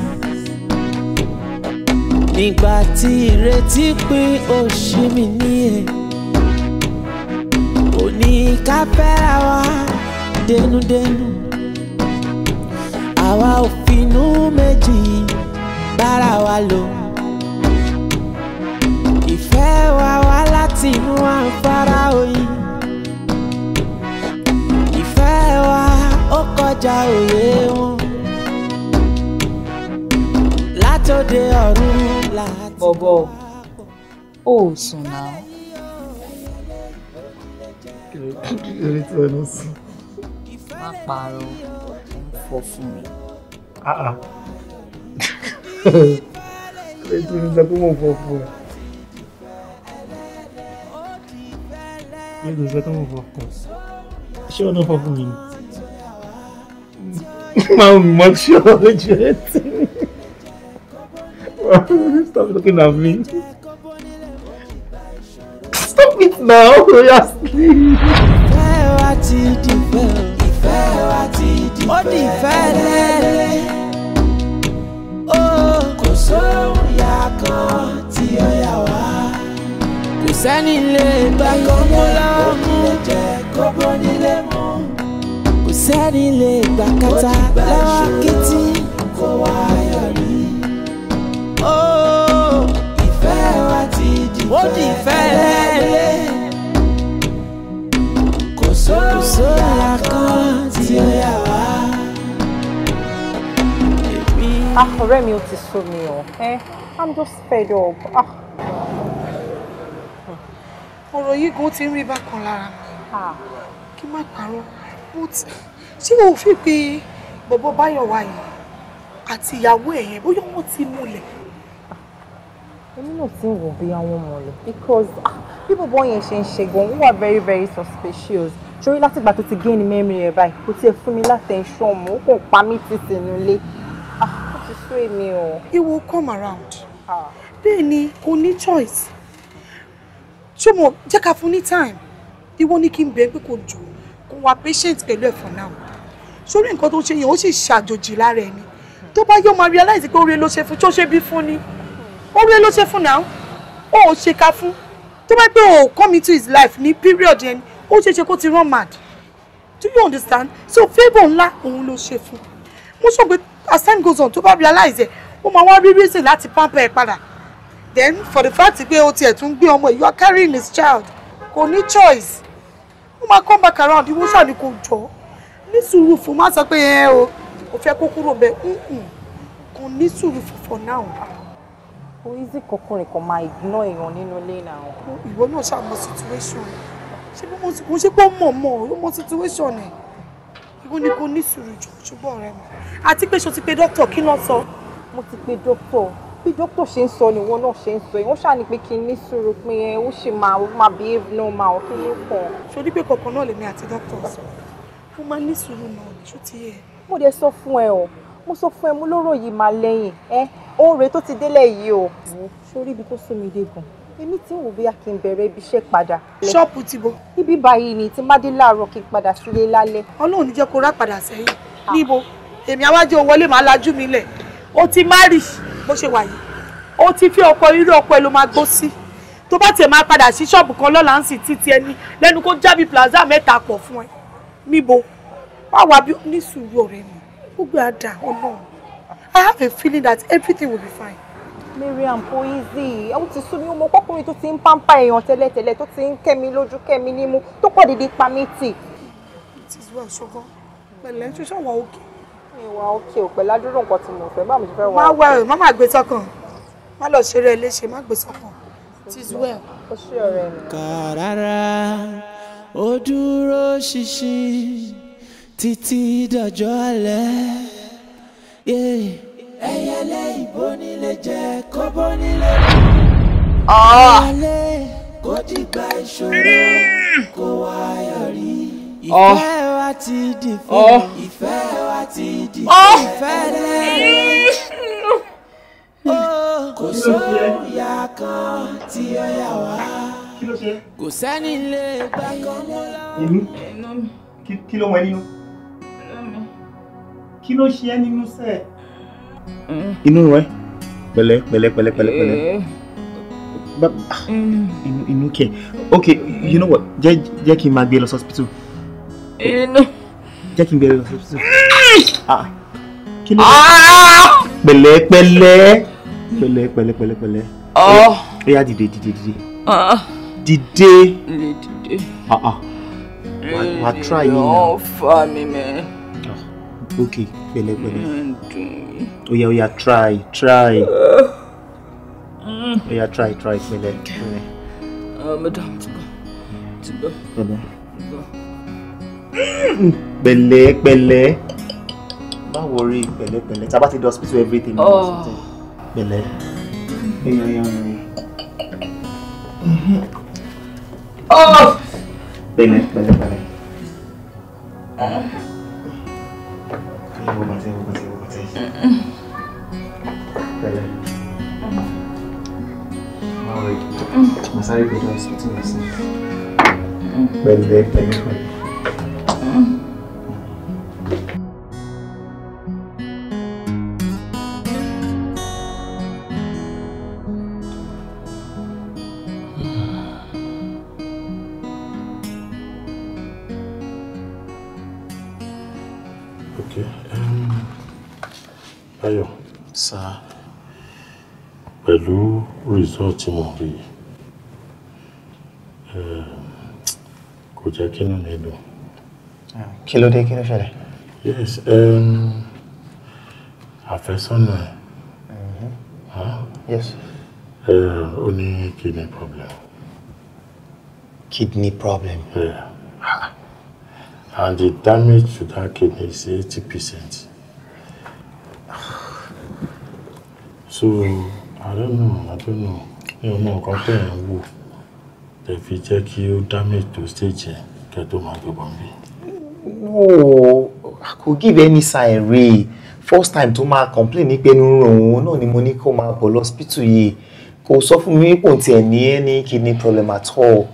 S3: nígbà tí ìrètí pín ó ṣí mi níyẹn kò ní ká fẹ́ra wa dénúdénú àwa ò finú méjì bára wa lò ìfẹ́ wa wá láti tinú àǹfààrà òyì. ìfẹ́ wa ó kọjá òye wọn. látòde
S6: ọ̀run láti. bọ̀bọ̀ ò sùn náà. eré tí wọn lọ sùn. má parọ́
S4: fọ fún mi. Ah, ah.
S5: eré tí wọn lọ sọ pé mo fọ fún ẹ.
S4: Jezus, wiadomo chłopca. Siła na Hawkmin. Mam mocne dzieci. Stop looking at me. Stop it now,
S3: jasny. Ìfẹ́ wa ti di fẹ́. Ìfẹ́ wa ti di fẹ́. Ó di ìfẹ́ lẹ́rẹ́. Kò sóhun yàgò tí ó yà wá kò sẹ́ni lè gbà kókó lọ́mú kókó nílé mú kò sẹ́ni lè gbà kàtà lọ́wọ́ kìtì kó wá yọrí. ìfẹ́ wa ti di fẹ́ lẹ́lẹ́ kò sóòyà kan tí ó yà wá. Ah, ọ̀rẹ́ mi ò ti sú mi o.
S2: Eh, I'm just fed up. Ah
S1: ọ̀rọ̀ yìí gan ti ń rí bákan lára mi kí má parọ́ ṣé o fi pe bọ̀bọ̀ báyọ̀ wá yìí àti ìyàwó ẹ̀ yẹn bóyá wọ́n ti múlẹ̀.
S2: èmi náà ti wò bí àwọn mọ̀lẹ̀ because ah, bí bọ̀bọ̀ yẹn ṣe ń ṣe gan wọ́n wà very very suspicious torí látìgbà tó ti gé ni mẹ́rin rẹ̀ báyìí kò tiẹ̀ fún mi
S1: látẹ̀ǹṣọ́ mọ́ ó kàn pa mí ti sínú ilé ah, ó ti sún èmi o. he will come around. bẹ́ẹ̀ ni kò ní choice ṣé mo jẹ́ ká fún ní time ìwọ ní kí n bẹ pé kò jù kó wá patient pẹ̀lú ẹ̀ for now sórí nǹkan tó ń ṣe yẹn ó sì ṣàjòjì lára ẹni tó bá yóò máa realize pé oore ló ṣe fún tó ṣe bí fún ni oore ló ṣe fún náà ó ò ṣe ká fún tó bá pé o come into his life ní period yẹn ó ṣeé ṣe kó ti run mad do you understand so favour ńlá òun ló ṣe fún mo sọ pé as time goes on tó bá realize ẹ ó máa wá rí reason láti pamper ẹ padà then for the fact pé o tiẹ̀ tún gbé ọmọ you are carrying his child kò ní choice ó máa come back around ìwọ ṣáà ni kò jọ ní sùúrù fún má sọ pé ẹ o ò fẹ́ kó kúrò bẹ́ẹ̀ kò ní sùúrù fún for now. o easy kọkùnrin kan máa ignore èèyàn nínú ilé náà. ìwọ náà ṣàmọ situation ṣé bí mo kò ṣe pé ó mọ̀ mọ̀ ó mọ̀ situation ẹ̀ ìwọ ni kò ní sùúrù jù ṣùgbọ́n ọ̀rẹ́ mi àti pé ṣo ti pe dókítà kí ló sọ. mo ti pe dókítà bí
S2: dókítà ṣe ń sọ nìwọ náà ṣe ń sọ yìí wọ́n ṣàní pé kí n ní sùúrù pé ẹ ó ṣì máa ó máa behave náà máa ó
S1: kí ló pọ̀. ṣòdí pé kọ̀ọ̀kan náà lèmi àti dókítà sọ mo máa ní sùúrù náà ṣó ti
S2: yẹ. mo dẹ̀ sọ fún ẹ o mo sọ fún ẹ mo lóró yìí máa lẹ́yìn ẹ oore tó ti délẹ̀ yìí o. sórí ibi tó sún mi dé gan èmi tí ń wò bóyá kí n bẹ̀rẹ̀ ibi iṣẹ́ padà.
S1: ṣọ́ọ̀pù ti bo. ibi báyìí ni tí má dé láàárọ̀ kí n padà sílé lálẹ́. ọlọ́run ní jẹ́ kó rá padà sẹ́yìn níbo èmi àwájú owó lè lajú mi lẹ̀ o ti má rì bó ṣe wà yìí ó ti fi ọkọ irú ọkọ ẹ ló máa gbó sí tó bá tiẹ̀ máa padà sí ṣọ́ọ̀bù kan lọ́la ń sì títí ẹni lẹ́nu kó jábì plaza mẹ́ta pọ̀ fún ẹ níbo wá wá bí ní sùúrù ọ̀rẹ́ mi gbogbo àdá ọlọ́run I have a feeling that everything will be fine.
S2: Miriam Poezi ẹ̀wù ti sún mi mo kọ́kùnrin tó ti ń pampa èèyàn tẹ́lẹ̀tẹ́lẹ̀ tó ti ń kẹ́mi lójú kẹ́mi nímú tó pọ̀ dídí pa mí tì.
S1: it is well ṣọgbọ́n pẹ̀lẹ́ ṣoṣọ́
S2: wà òkè ìwà òkè òpẹ ládùúrò nǹkan tí mo fẹ́ bá mi fẹ́ wá. má wá ẹ má
S1: well. ó ṣe ọ̀rẹ́ mi.
S3: kàràrà ó dúró ṣinṣin títí dọjọ́ alẹ́ ẹyẹlé ìbò nílé jẹ kóbó nílé. Ah! ẹyẹlé kò dìgbà ìṣòro kó wá yọrí ah! wa ti di fún oh. mi. ìfẹ́ wa ti di oh. fẹ́lẹ́. Oh. kò sóyà kan tí ó yà wá. kò sẹ́ni
S4: lè gbà kan mọ́ lọ́wọ́. kí ló wọ nínú. kí ló ṣe ẹ́ nínú sẹ́ẹ̀. Mm. inú rẹ pẹ̀lẹ́ pẹ̀lẹ́ pẹ̀lẹ́ pẹ̀lẹ́ pẹ̀lẹ́
S6: eh. ah,
S4: inú kẹ ok you know what jẹ́ jẹ́ kí n máa gbé e lọ sọ́sìpítù inú. jẹ́ kí n bẹ̀rẹ̀ lọ sí ọ̀sán. Mm. Ah. kí ló dé. Ah. pẹ̀lẹ́pẹ̀lẹ́ pẹ̀lẹ́pẹ̀lẹ́ pẹ̀lẹ́pẹ̀lẹ́. Oh. ó yá dìde dìde dìde. Ah. dìde.
S6: dìde.
S4: wà
S6: á try yín náà. yóò fa mi mẹ́.
S4: ok pẹ̀lẹ́pẹ̀lẹ́. ó yá ó yá try try. ó yá try try pẹ̀lẹ́.
S6: madam ti bọ̀
S4: ti bọ̀ pẹ̀lẹ́ pẹ̀lẹ́ má wọrí pẹ̀lẹ́ pẹ̀lẹ́ tá a bá ti dé hospital everything oh. pẹ̀lẹ́ èèyàn èèyàn èèyàn pẹ̀lẹ́ pẹ̀lẹ́ pẹ̀lẹ́. Pẹ̀lẹ́. Máa wọrí. Màsáré pẹ̀lú hospital nìsín. Mm. Pẹ̀lẹ́ pẹ̀lẹ́ pẹ̀lẹ́.
S7: sọ̀rọ̀ tí mo rí kò jẹ́ kí inú mi dùn.
S4: kí ló dé kí ló ṣẹlẹ̀. yes
S7: àfẹ́sọ́nà ẹ̀ mm-hmm. yes ó ní kidney problem. kidney problem. Yeah. Ah. and the damage to that kidney is eighty percent. so. Mm. I don't know. mi ò mọ nǹkan tẹ̀ ń wò tẹ fi jẹ́ kí ó damage tó stage yẹn kẹ tó máa gbé bọ́n bí.
S4: wo kò give any sign re first time tó máa complain ní pé ẹnu ràn òun náà ni mo ní kó máa bọ̀ lọ́sípítù yìí kò sọ fún mi pò tiẹ̀ ní any kidney problem at all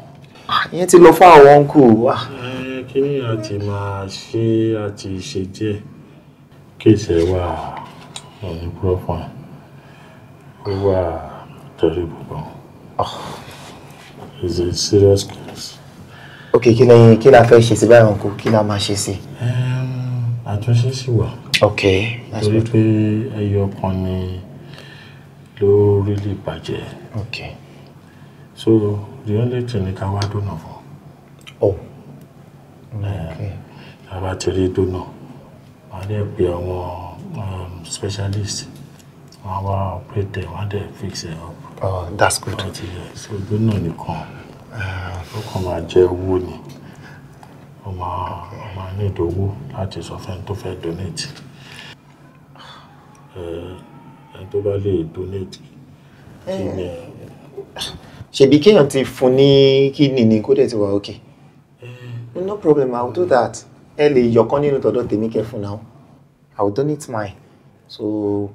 S3: ah,
S7: ìyẹn ti lọ fún àwọn uncle. Ah. Eh, kí ni a ti máa ṣe àti ṣe díẹ̀ kí ìṣẹ̀ wà ọ̀ ní púrọ́fọ̀n. Wow,
S4: were terrible. Oh. It's a serious case. Okay, kí ni kí la fẹ́ ṣe sí báyìí ọ̀nkú kí la máa ṣe sí?
S7: Àtúnṣe sì wà.
S4: Okay, that's good. Torí pé
S7: ẹyọ kan ni ló rí Okay. So the only thing ni ká do now, Oh. Okay. Àbá ti do dónà, wọ́n á dẹ̀ pe àwọn specialist wọn wá ọpẹtẹ wọn fix it up. oh that's good. wọn ti so ojú náà nìkan come. Uh, kàn máa jẹ owó ni ó máa ó máa ní ìdówó láti sọ fẹ́ni tó fẹ́
S4: donate uh, ẹni tó bá lè donate kí She eh, became kéèyàn funny. fún ní kídìní ni kó ti wà òkè eh, no problem I'll do that Ellie, you're calling nínú tọ̀dọ̀ tèmi kẹ fún náà i donate mine so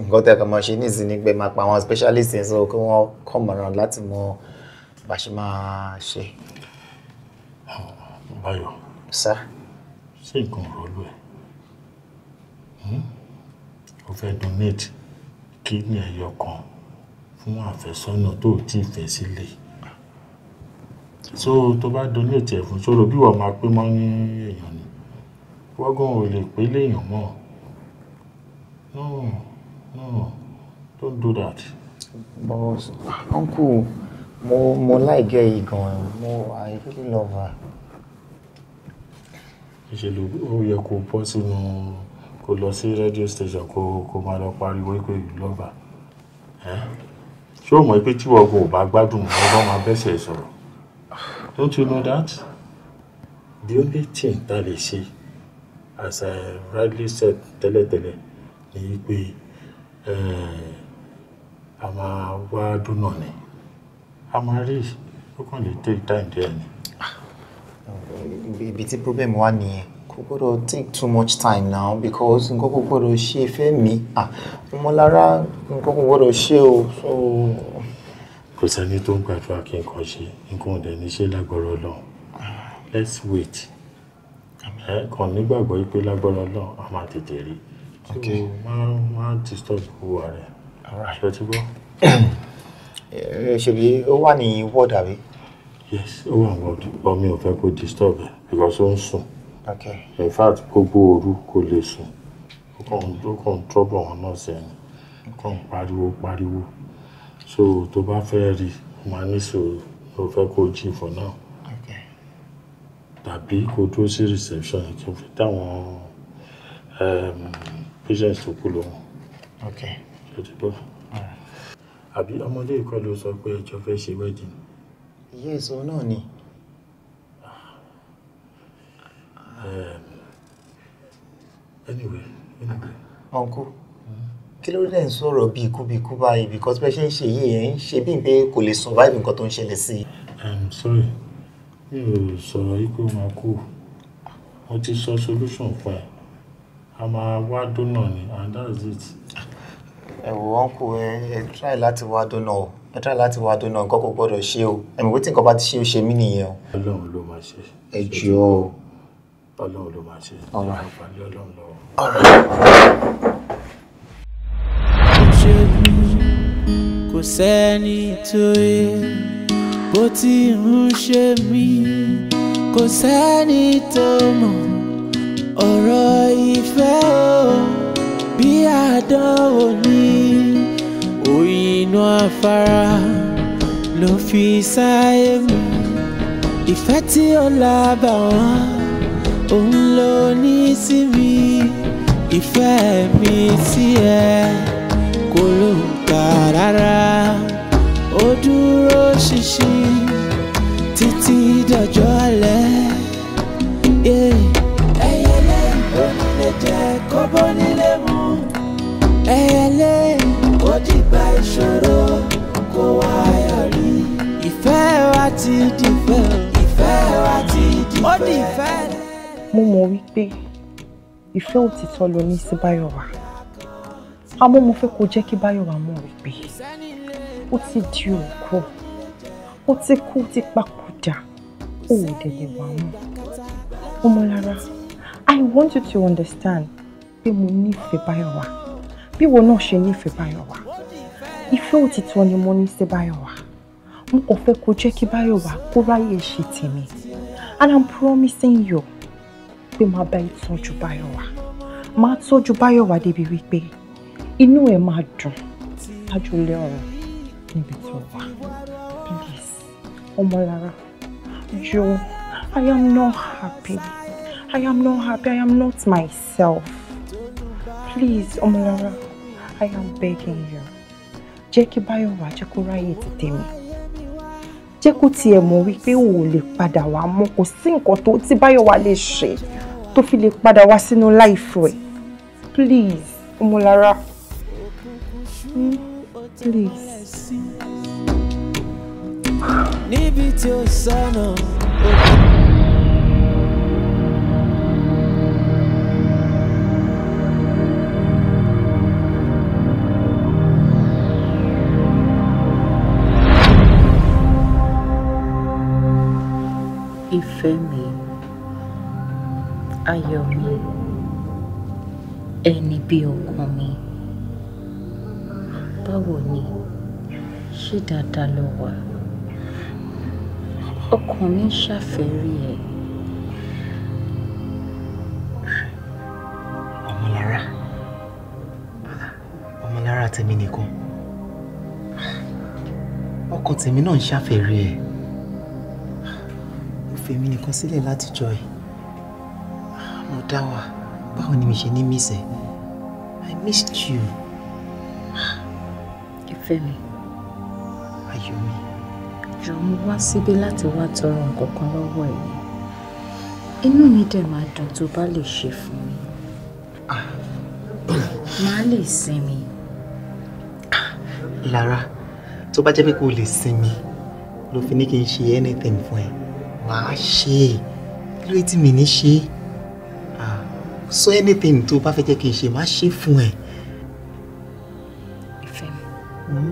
S4: nǹkan tẹ́ kàn máa ṣe ní ìsinmi pé máa pa àwọn specialist yẹn sọ kí wọ́n kàn mọ̀ràn láti mọ bá ṣe máa ṣe. Báyọ̀. Sá. Ṣé nǹkan ọ̀rọ̀ ló ẹ̀?
S7: Hmm? O fẹ́ donate kídìnrín ẹyọ kan fún àfẹ́sọ́nà tó o tí ì fẹ́ sílé. So tó bá donate ẹ̀ fún sóró bí wọ́n máa pé mọ́ ní èèyàn ni. Wọ́gán ò lè
S4: pé léèyàn mọ́. No, oh, don't do that. But uncle, mo mo like girl yìí gan. I really love her. Ìṣèlú ó yẹ kó bọ́ sínú
S7: kó lọ sí radio station kó kó máa lọ love her. lọ́ba. Eh? Ṣé o mọ̀ pé tí ọgbọ̀n ò bá gbádùn ọgbọ́n máa bẹ́sẹ̀ sọ̀rọ̀? Don't you know that? The only thing that I see, as I rightly said tẹ́lẹ̀tẹ́lẹ̀ ni pé. Eh, a máa wá dúnà ni a máa rí ó kàn lè take time díẹ̀
S4: ni. ibi tí problem wà nìyẹn kò gbọ́dọ̀ take too much time now because nǹkan kò gbọ́dọ̀ ṣe fẹ́ mi ọmọlára nǹkan kò gbọ́dọ̀ ṣe o
S7: so. kò sẹ́ni tó ń gbàdúrà kí nǹkan ṣe nǹkan ò dẹ̀ ní ṣe lágbọ́rọ̀ lọ let's wait ẹ eh, kàn nígbàgbọ́ pé lágbọ́rọ̀ lọ a máa tètè rí i okay máa máa disturb owó rẹ ara ṣe ti
S4: gbọ́. Eh, ṣèbí ó wà ní ward àbí. yes ó wà ní
S7: ward but ò fẹ́ kó disturb ẹ because ó ń sùn. okay in fact gbogbo òru kò lè sùn ó kàn ó kàn trouble àwọn nọ́ọ̀sì ẹni ó kàn pariwo pariwo so tó bá fẹ́ rí máa ní sòrò ó fẹ́ kó jí for now tàbí kó dúró sí reception kí n fi táwọn patients tó kú lọ́wọ́. ok. ṣe ti bọ́. àbí ọmọdé ìkọ́ ló sọ pé ẹjọ́ fẹ́ ṣe wedding.
S4: yes ou náà ni. Ehm, anyway anyway. uncle kí ló dé ń sọ̀rọ̀ bí ikú bí ikú báyìí because bẹ́ẹ̀ ṣe ń ṣe yìí ẹ̀ ń ṣe bí pé survive nǹkan tó ń ṣẹlẹ̀ sí i. Ehm, sorry mi ò sọ̀rọ̀ ikú máa kú
S7: mo ti sọ solution
S4: fún ẹ a máa wá dónà ni and that is it. ẹ wò ọ̀nkù ẹ ẹ try láti wá dónà o ẹ try láti wá dónà nǹkan kò gbọdọ̀ ṣe o ẹ mọ̀ pé tí nǹkan bá ti ṣe ó ṣe mí nìyẹn o. ọlọ́run ló máa ṣe. ẹ jù ọ. ọlọ́run ló máa ṣe. ọ̀rọ̀ ọlọ́run
S7: lọ́wọ́. ọ̀rọ̀
S3: kò sẹ́ni tó yẹ bó ti ń ṣe mí kò sẹ́ni tó mọ̀ ọ̀rọ̀ ìfẹ́ o bí àdánwò ní òyìnbó afárá ló fi sáyé mu ìfẹ́ tí ó lábà wọ́n òun ló ní sí mi ìfẹ́ mi sí ẹ kò ló ń kà rárá ó dúró ṣinṣin títí dọjọ́ alẹ́. jẹ kóbó nílé mú ẹyẹlé ó dìgbà ìṣòro kó wá yọrí. ìfẹ́ wa ti di fẹ́ o. ìfẹ́ wa ti di fẹ́. ó di ìfẹ́. mo mọ̀ wípé
S2: ìfẹ́ òtítọ́ ló ní sí Báyọ̀wá àmọ́ mo fẹ́ kó jẹ́ kí Báyọ̀wá mọ̀ wípé ó ti di òkú ó ti kú ó ti papòdà ó ò dẹ̀ lè mọ́ ọmọlára. I want you to understand pé mo nífẹ̀ẹ́ Báyọ̀wá bí wo náà ṣe nífẹ̀ẹ́ Báyọ̀wá ìfẹ́ òtítọ́ ni mo ní sí Báyọ̀wá mo kàn fẹ́ kó jẹ́ kí Báyọ̀wá kó ráyè ṣe tèmi and I'm promising you pé máa bá ìtọ́jú Báyọ̀wá máa tọ́jú Báyọ̀wá débi wípé inú ẹ̀ máa dùn lájúlé ọ̀rọ̀ níbi tó wà please ọmọlára Joe, I am not happy. I am not happy. I am not myself. Please, Omolara, I am begging you. Jẹ́ kí Báyọ̀wá jẹ́ kó ráyè tètè mi. Jẹ́ kó tiẹ̀ mọ̀ wípé o ò lè padà wá mọ́ kò sí nǹkan tó tí Báyọ̀wá lè ṣe tó fi lè padà wá sínú láìfù ẹ̀. Please, Omolara.
S1: Hmm,
S3: please. Níbi tí ó
S2: ìfẹ́ ayomi, ayọ̀ mi ẹni bí ọkàn mi báwo ni ṣé dáadáa ló wà ọkàn mi
S4: ń ṣàfẹ́rí ẹ̀. ọmọlára ọmọlára tèmi nìkan ọkàn tèmi náà ń ṣàfẹ́rí ẹ̀ fèmí nìkan sílẹ̀ látijọ́ ẹ̀ mo dá wà báwo ni mi ṣe ní miss ẹ I missed you.
S2: ìfẹ́
S6: mi. ayọ̀ mi. jọ̀ọ́ mo wá síbí láti wá tọrọ nǹkan kan lọ́wọ́ ẹ̀ ni inú mi dẹ̀ máa dùn tó bá lè ṣe fún mi ah. máa lè sinmi.
S4: Lára tó bá jẹ́ pé kò lè sinmi ló fi ní kí n ṣe anything fún ẹ màá ṣe é kí ló tí mi ní ṣe é so anything tó bá fẹ́ jẹ́ kí n ṣe máa ṣe fún ẹ.
S6: ìfẹ́ mi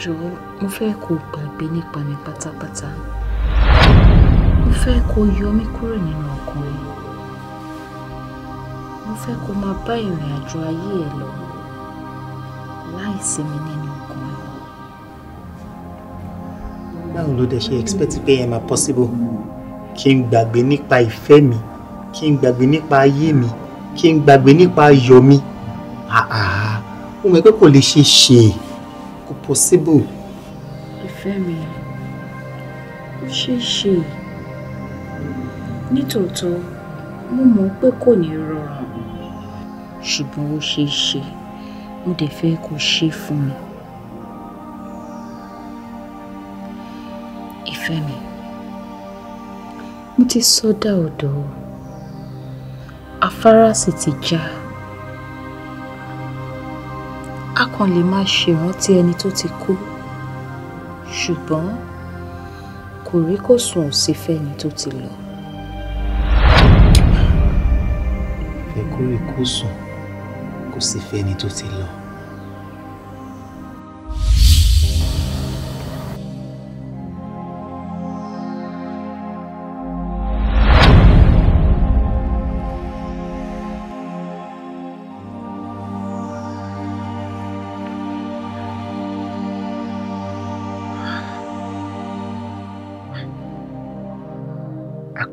S6: jọ̀wọ́ mo fẹ́ kó gbàgbé nípa mi pátápátá mo fẹ́ kó yọ mí kúrò nínú ọkàn rẹ mo fẹ́ kó máa bá ìrìn àjò ayé ẹ lọ láìsí mi nínú.
S4: báwo ló dẹ̀ ṣe expect pé ẹ máa possible kí n gbàgbé nípa ìfẹ́ mi kí n gbàgbé nípa ayé mi kí n gbàgbé nípa ayọ̀ mi àà mo mọ̀ pé kò lè ṣe ṣe kò possible.
S1: ìfẹ́ mi ó ṣe é ṣe nítòótọ́ mo mọ̀ pé kò ní
S6: rọrùn ṣùgbọ́n ó ṣe é ṣe mo dẹ̀ fẹ́ kó ṣe fún mi. ìfẹ́ ni mo ti sọdá odò afárá sì ti já a kàn lè máa ṣèrántí ẹni tó ti kú ṣùgbọ́n kò rí kò sùn sí fẹ́ni tó ti lọ.
S4: ìfẹ́ kórè kò sùn kò sí fẹ́ni tó ti lọ.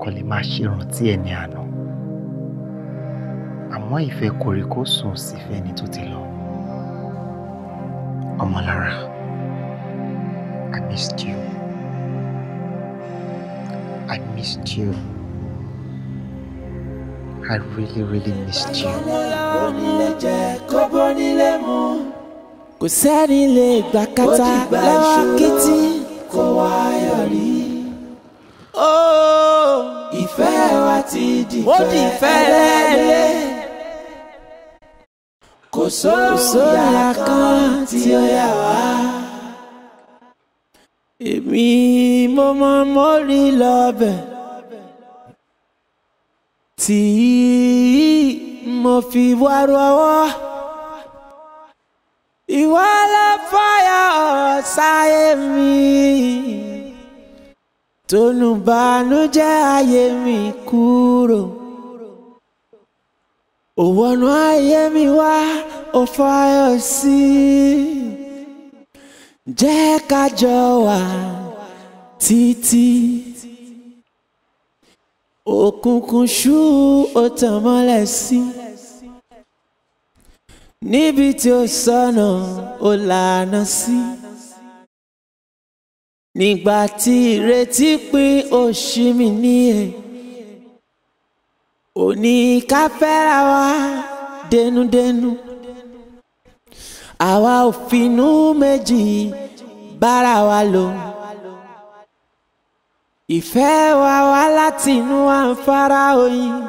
S4: kò lè máa ṣèrántí ẹni àná àmọ́ ìfẹ́ kòríkó sùn sí fẹ́ni tó ti lọ ọmọlára I missed you I missed you I really really missed you.
S3: onílé jẹ kó bónílé mu. kò sẹ́ni lè gbà kátà lọ́wọ́ kìtì. kó wáyé. ti di fẹ́lẹ́lẹ́ kò sóyà kan tí ó yà wá. èmi mo máa mórí lọ́bẹ̀ tí mo fi wá rọwọ́ ìwọ ló ọ̀sáyé mi tolùbànújẹ́ ayé mi kúrò òwònú ayé mi wá ó fọyọ sí i jẹ́ ká jọ wà títí òkùnkùn ṣú ó tàn mọ́lẹ̀ sí níbi tí ó sọnà ó lànà sí. Si nígbà tí ìrètí pín òṣì mi níye òní ká fẹ́ra wa dẹnudẹnu àwa ò finú méjì bára wa lò ìfẹ́ wa wá láti inú àǹfààrà oyin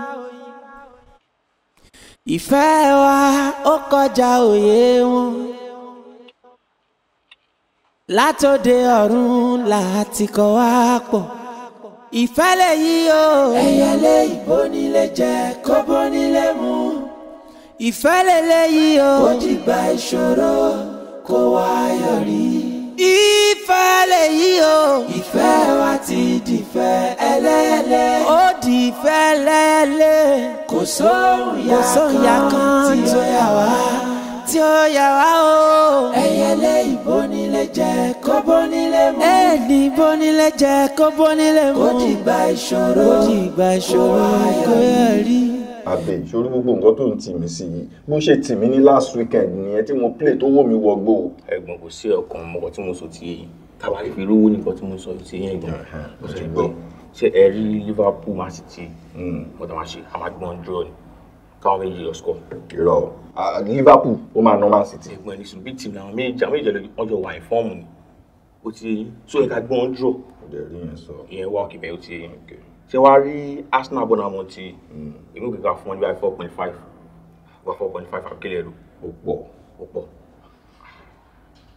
S3: ìfẹ́ wa ó kọjá òye wọn látòde ọ̀run láti kọ́ wá pọ̀ ìfẹ́ lè yí o. ẹyẹlé ìbónilé jẹ kó bónilé mu. ìfẹ́ lè lè yí o. kó dìgbà ìṣòro kó wá yọrí. ìfẹ́ lè o. ìfẹ́ wa ti dìfẹ́ ẹlẹ́lẹ́. ó dìfẹ́ lẹ́lẹ́. kò sóhun ya kan tí ó yà wá. tí ó yà wá o. ẹyẹlé ìbónilé jẹ kó bónílé mu. ẹni bónílé jẹ kó bónílé mu. kó dìgbà
S5: ìṣòro kó dìgbà ìṣòro kó yẹ rí. abẹ ìṣòro gbogbo nǹkan tó ń tì mí sí i bó ṣe tì mí ní last weekend nìyẹn tí mo play tó wò mí wọgbó.
S8: ẹ̀gbọ́n kò sí ọkàn ọmọkàn tí mo sọ ti yé yìí tàbá fi rówó nìkan tí mo sọ ti yé ẹ̀gbọ́n mo sọ ti ẹ rí Liverpool Man City hmm. mọ̀tàmáṣe àmàgbọ́n draw ni káwọn méjì yọ score. irọ́ Liverpool ó máa nọ́ Man City. ẹ̀gbọ́n ní sùnbí tìmù làwọn méjì àwọn méjì wọ́n jọ wà ní fọ́ọ̀mù ni ó ti tó ẹ̀ka gbọ́n jù. ọ̀dẹ̀ rí yẹn sọ. ìyẹn wá òkè bẹ́ẹ̀ ó ti ṣé wàá rí Arsenal bọ́nà àwọn ti ìlú kíkà fún wọn ní báyìí four point five wá four point five àbíkẹ́lẹ̀ lò. ó pọ̀ ó pọ̀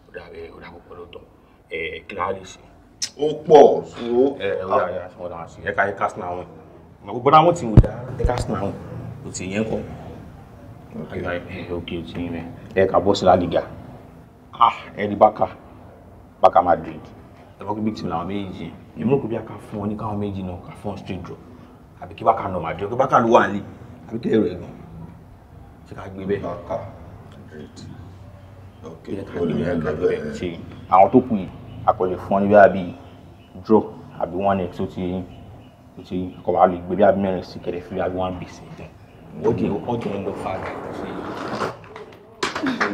S8: ó dà bẹ́ẹ̀ ó dà pọ̀ lọ́tọ̀ ẹ̀ kí láà lè ṣe. ó pọ̀ sí ó. ẹ ẹ ó dà yà sọ́wọ́n dà sí ẹ̀ka ẹ̀ka Arsenal wọn. gbọ́dọ̀ àwọn ti wù dá ẹ̀ka Arsenal wọn kò sí yẹn kọ. ok o ti yín bẹ. ẹ kà bọ́ sílá lìgà ah ẹni baka baka Madrid ẹ bọ́ kí big team làwọn méjì yẹn èmi rò pé bí a kà fún ọ ní káwọn méjì náà kà fún ọ straight draw àbí kí bákà nọ Madrid kí bákà ló wà ní àbí kí èrò ẹ̀ nù ṣe ká gbé bẹ́ẹ̀. bákà Madrid ok olùyẹn lọ́bẹ̀ ṣe àwọn tó kù yìí àpẹẹrẹ fún ọ ní bí a bí draw àbí one x ó ti yín ó ti yín kọ̀ wá lè gbé bí a bí mẹ́rin sí kẹ̀rẹ́ fún bí a bí one bc ọdún ọdún ẹ lọ fà á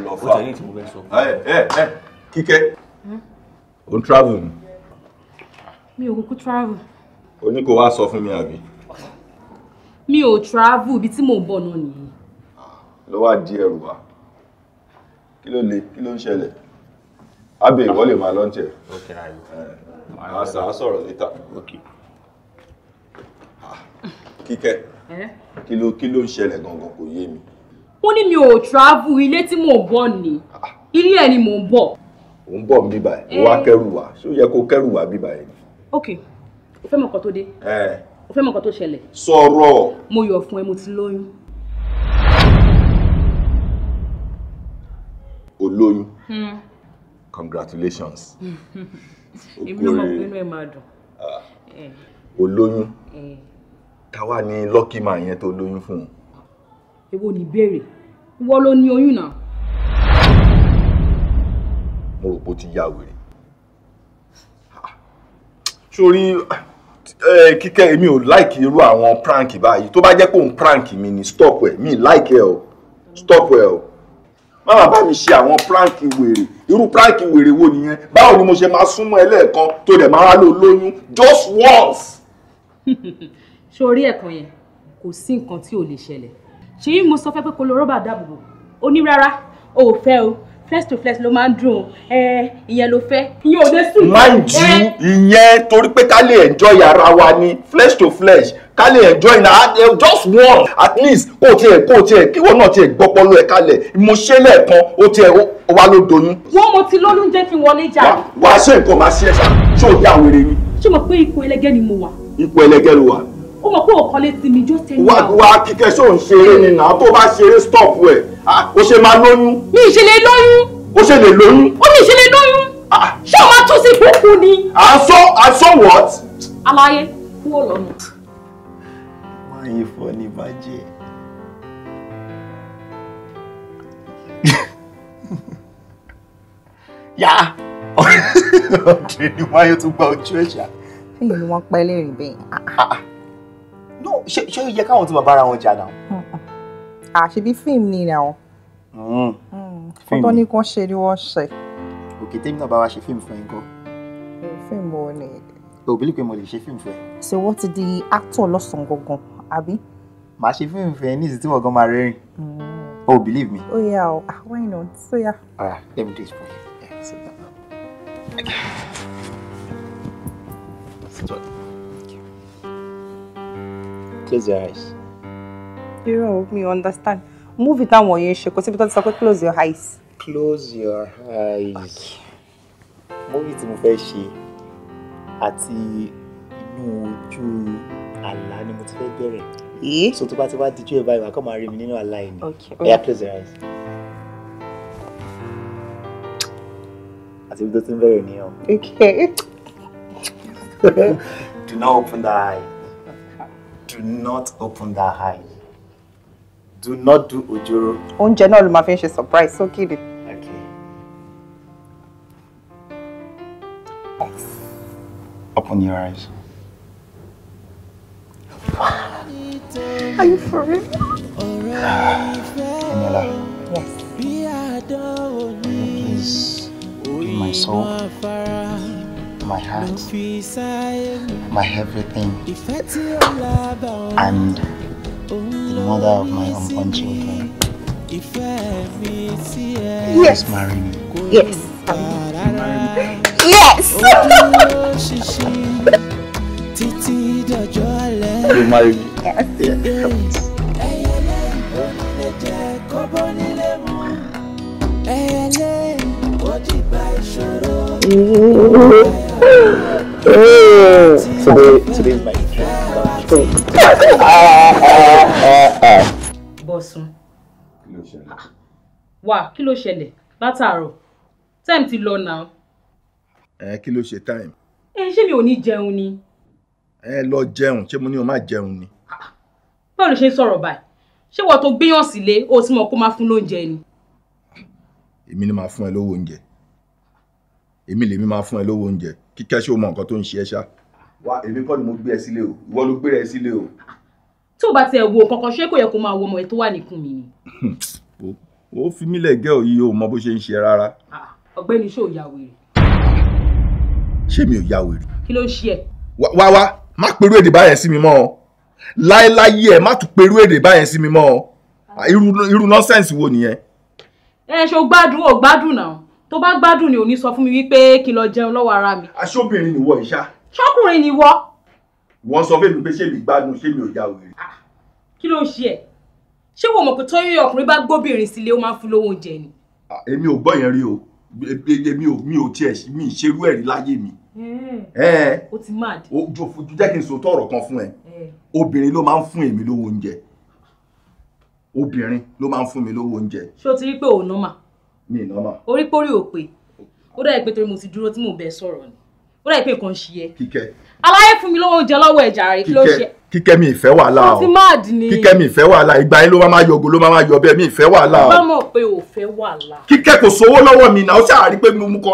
S8: lọ fà á ó tẹ̀lé tí mo fẹ́ sọ.
S5: Hmm? travel ni.
S6: mi ò travel.
S5: o ní kó wá sọ fún mi àbí.
S6: travel ibi tí mò ń bọ̀ náà
S5: nìyí. ló di ẹrù wa kí ló le kí ló ń ṣẹlẹ̀ abe ìwọ lè máa lọ́ńtì ẹ̀. àṣà á sọ̀rọ̀ níta. Ah, kíkẹ́. Kilo eh? kilo kí ló ń ṣẹlẹ̀ gangan kò yé mi.
S6: wọ́n ní mi ò travel ilé tí mò ń bọ̀ ni ah, ah. ilé ẹ̀ ni mò ń bọ̀.
S5: ò ń bọ̀ mi báyìí wá eh. kẹ́rù wá ṣé ó yẹ kó kẹ́rù wá bí báyìí.
S6: ok o fẹ́ mọ̀ nǹkan tó dé eh. o fẹ́ mọ̀ nǹkan tó ṣẹlẹ̀.
S5: sọ̀rọ̀.
S6: mo yọ̀ fún ẹ mo ti lóyún. o lóyún. Hmm.
S5: congratulations. èmi ló mọ̀ pé inú
S6: ẹ̀ máa dùn. Ah. o lóyún. Eh
S5: táwa ni lucky man yẹn tó lóyún fún un.
S6: èwo ni béèrè wọ́n ló ní oyún náà.
S5: mo rò pé ó ti ya wèrè sórí kíkẹ́ èmi ò láìkì irú àwọn prank báyìí tó bá jẹ́ pé òun prank mi ni stop ẹ̀ mi láìkì ẹ̀ o stop ẹ̀ o máma bá mi ṣe àwọn prank wèrè irú prank wèrè wo nìyẹn báwo ni mo ṣe máa súnmọ́ ẹ lẹ́ẹ̀kan tó dẹ̀ máa wá lò lóyún just once.
S6: sórí ẹ̀kan yẹn kò sí nǹkan tí ò lè ṣẹlẹ̀ ṣèyí mo sọ fẹ́ pé kó lo rọ́bà dáàbòbò ó ní rárá o ò fẹ́ o flex to flex ló máa ń dùn ẹ ìyẹn ló fẹ́ ìyẹn ò lè
S5: sùn. má jí ìyẹn torí pé ká lè enjoy ara wa ni flex to flex ká lè enjoy na eh, just one at least kó o tiẹ̀ kó o tiẹ̀ kí wọ́n náà tiẹ̀ gbọ́pọ́lọ́ ẹ̀ kalẹ̀ mo ṣe lẹ́ẹ̀kan o tiẹ̀ wá ló doyún.
S6: wọ́n mo ti lóyún jẹ́ kí n wọlé jà.
S5: wàá ṣe nǹkan máa ṣe ẹ̀ṣà ṣé o yá wèrè ni.
S6: ṣé mo pé ipò ẹlẹgẹ́ ni mo wà.
S5: ipò ẹlẹgẹ́ ló wà
S6: ó mọ̀ pé òkànlé ti mi jó tẹ́lẹ̀ àwọn. wà á
S5: kíkẹ́ ṣó ń ṣeré ni nà tó bá ṣeré stop ẹ̀ ó ṣe máa lóyún. mi ì ṣe lè lóyún. ó ṣe lè lóyún. ó mi ì ṣe lè lóyún. ṣé o máa tún sí kúkú ni. àṣọ àṣọ what.
S6: aláyé kúrò lọ́nà.
S4: máa yẹ fọ́ ní bàjẹ́. yá ọ̀rẹ́ ni wáyé tó gba ojú ẹ̀ṣà.
S2: nígbà ni wọ́n pẹ́ lẹ́rìí bẹ́ẹ̀. Ah, ah
S4: no ṣé ṣé ó yẹ káwọn tí mo bára wọn jà náà.
S2: àṣebí hmm. ah, fíìmù ni àwọn. Hmm.
S4: Hmm. fíìmù tó ní
S2: kó ṣe ni wọ́n ṣe.
S4: òkè tèmi náà bá wa ṣe fíìmù fún yín kọ́. Eh, fíìmù ò ní. o bí lè pe mo lè ṣe fíìmù fún ẹ.
S2: ṣé wọ́n ti di actor lọ́sàn-án gangan
S4: àbí. màá ṣe fíìmù fún ẹ ní ìsìn tí wọ́n gan máa rẹ́rìn. oh believe me. ó
S2: yà ó why not so yà. Yeah.
S4: all let me do it for you. Yeah, sit down. Okay. Sit down close your eyes.
S2: irọ́ o mi understand Move it down ń ṣe kò síbi tó ti sọ pé close your eyes.
S4: close your eyes. Move it mo fẹ́ ṣe àti inú ojú àlá ni mo ti fẹ́ bẹ̀rẹ̀. so to bá ti wá dijú ẹ̀ báyìí wà á kọ́ máa rí mi nínú àlá yìí ni. okay. ẹ̀yà close your eyes. àti ibi tó ti ń bẹ̀rẹ̀ nìyẹn.
S1: okay.
S4: do not open the eye do not open that eye. Do not do ojoro.
S2: Oúnjẹ náà ló máa fi ń ṣe surprise sókèdè.
S4: Okay. Open your eyes.
S3: Are you for real?
S4: Nela. Yes. Please, my soul my heart, my everything, and the mother of my unborn children. Yes. Marry me.
S2: Yes.
S3: Yes. Oh,
S5: you marry me.
S4: Yes. yes. Mm-hmm today, today is my
S5: Bọ́sùn.
S6: Wà kí ló ṣẹlẹ̀ látàárọ̀? Time ti lọ náà.
S5: Ẹ kí ló ṣe time?
S6: Ẹ ṣé mi ò ní jẹun ni?
S5: Ẹ lọ jẹun, ṣé mo ní o máa jẹun ni?
S6: Báwo ló ṣe ń sọ̀rọ̀ báyìí? Ṣé wọ́n tó gbéyàn sílé o ti mọ̀ kó máa fún lóúnjẹ ni?
S5: Èmi ni màá fún ẹ lówó oúnjẹ èmi lèmi máa fún ẹ lówó oúnjẹ kíkẹ́ ṣé o mọ nǹkan tó ń ṣe ẹ ṣá. wá èmi kọ́ ni mo gbé ẹ sílé o ìwọ ló gbé ẹ sílé o.
S6: tó o bá tiẹ̀ wo kankan ṣé kò yẹ kó máa wo ọmọ ẹ tó wà níkùn mi ni.
S5: ó fi mí lẹ̀ gẹ́ òyìn o mọ bó ṣe ń ṣe rárá. Ah,
S6: ah, ọ̀gbẹ́ni ṣé o ya wèrè.
S5: ṣé mi ò ya wèrè.
S6: kí ló ń ṣe ẹ.
S5: wá wá má perú èdè báyẹn sí mi mọ́ ọ láéláyé ẹ má tún perú èdè báyẹn sí mi mọ́ ọ ah, irú nọ́sẹ̀nsì wo nìyẹn.
S6: ẹ ṣe o gbádùn o gbádùn náà tó bá gbádùn ni ò ní sọ fún mi wípé kí n lọ jẹun lọ́wọ́ ara mi. aṣọ́bìnrin nìwọ ìṣá. ṣọ́kùnrin nìwọ.
S5: wọ́n sọ fún mi pé ṣé mi gbádùn ṣé mi ò já wèrè.
S6: Ah, kí ló ń ṣe ẹ ṣé wo mọ̀ pé tọ́yọ̀ ọkùnrin bá gbóbìnrin sílé ó máa ń fún lówó oúnjẹ ni.
S5: Ah, èmi ò gbọ́ yẹn rí o èmi ò mi ò tiẹ̀ mi ì ṣerú ẹ̀ rí láyé mi. o ti máa dé. ojú ojú jẹ́ kí n sọ tọ̀rọ̀ kan fún ẹ obìnrin ló máa ń fún èmi lówó oúnjẹ obìnrin ló máa ń fún mi lówó oúnjẹ.
S6: ṣé o ti rí pé òun náà mà mi ì nọ́mà. orí pórí ò ó dà pé torí mo ti dúró tí mò ń bẹ sọ̀rọ̀ ni ó dà pé nǹkan ń ṣe kíkẹ́. aláyé fún mi lọ́wọ́ oúnjẹ lọ́wọ́ ẹ̀jà rẹ̀ kí ló ṣe.
S5: kíkẹ́ mi ìfẹ́ wàhálà o kíkẹ́ mi ìfẹ́ wàhálà ìgbà yẹn ló máa yọ ògo ló máa yọ bẹ́ẹ̀ mi ìfẹ́ wàhálà o.
S6: bá pé o fẹ́ wàhálà.
S5: kíkẹ́ kò sówó lọ́wọ́ mi náà ó ṣàárí pé mo kọ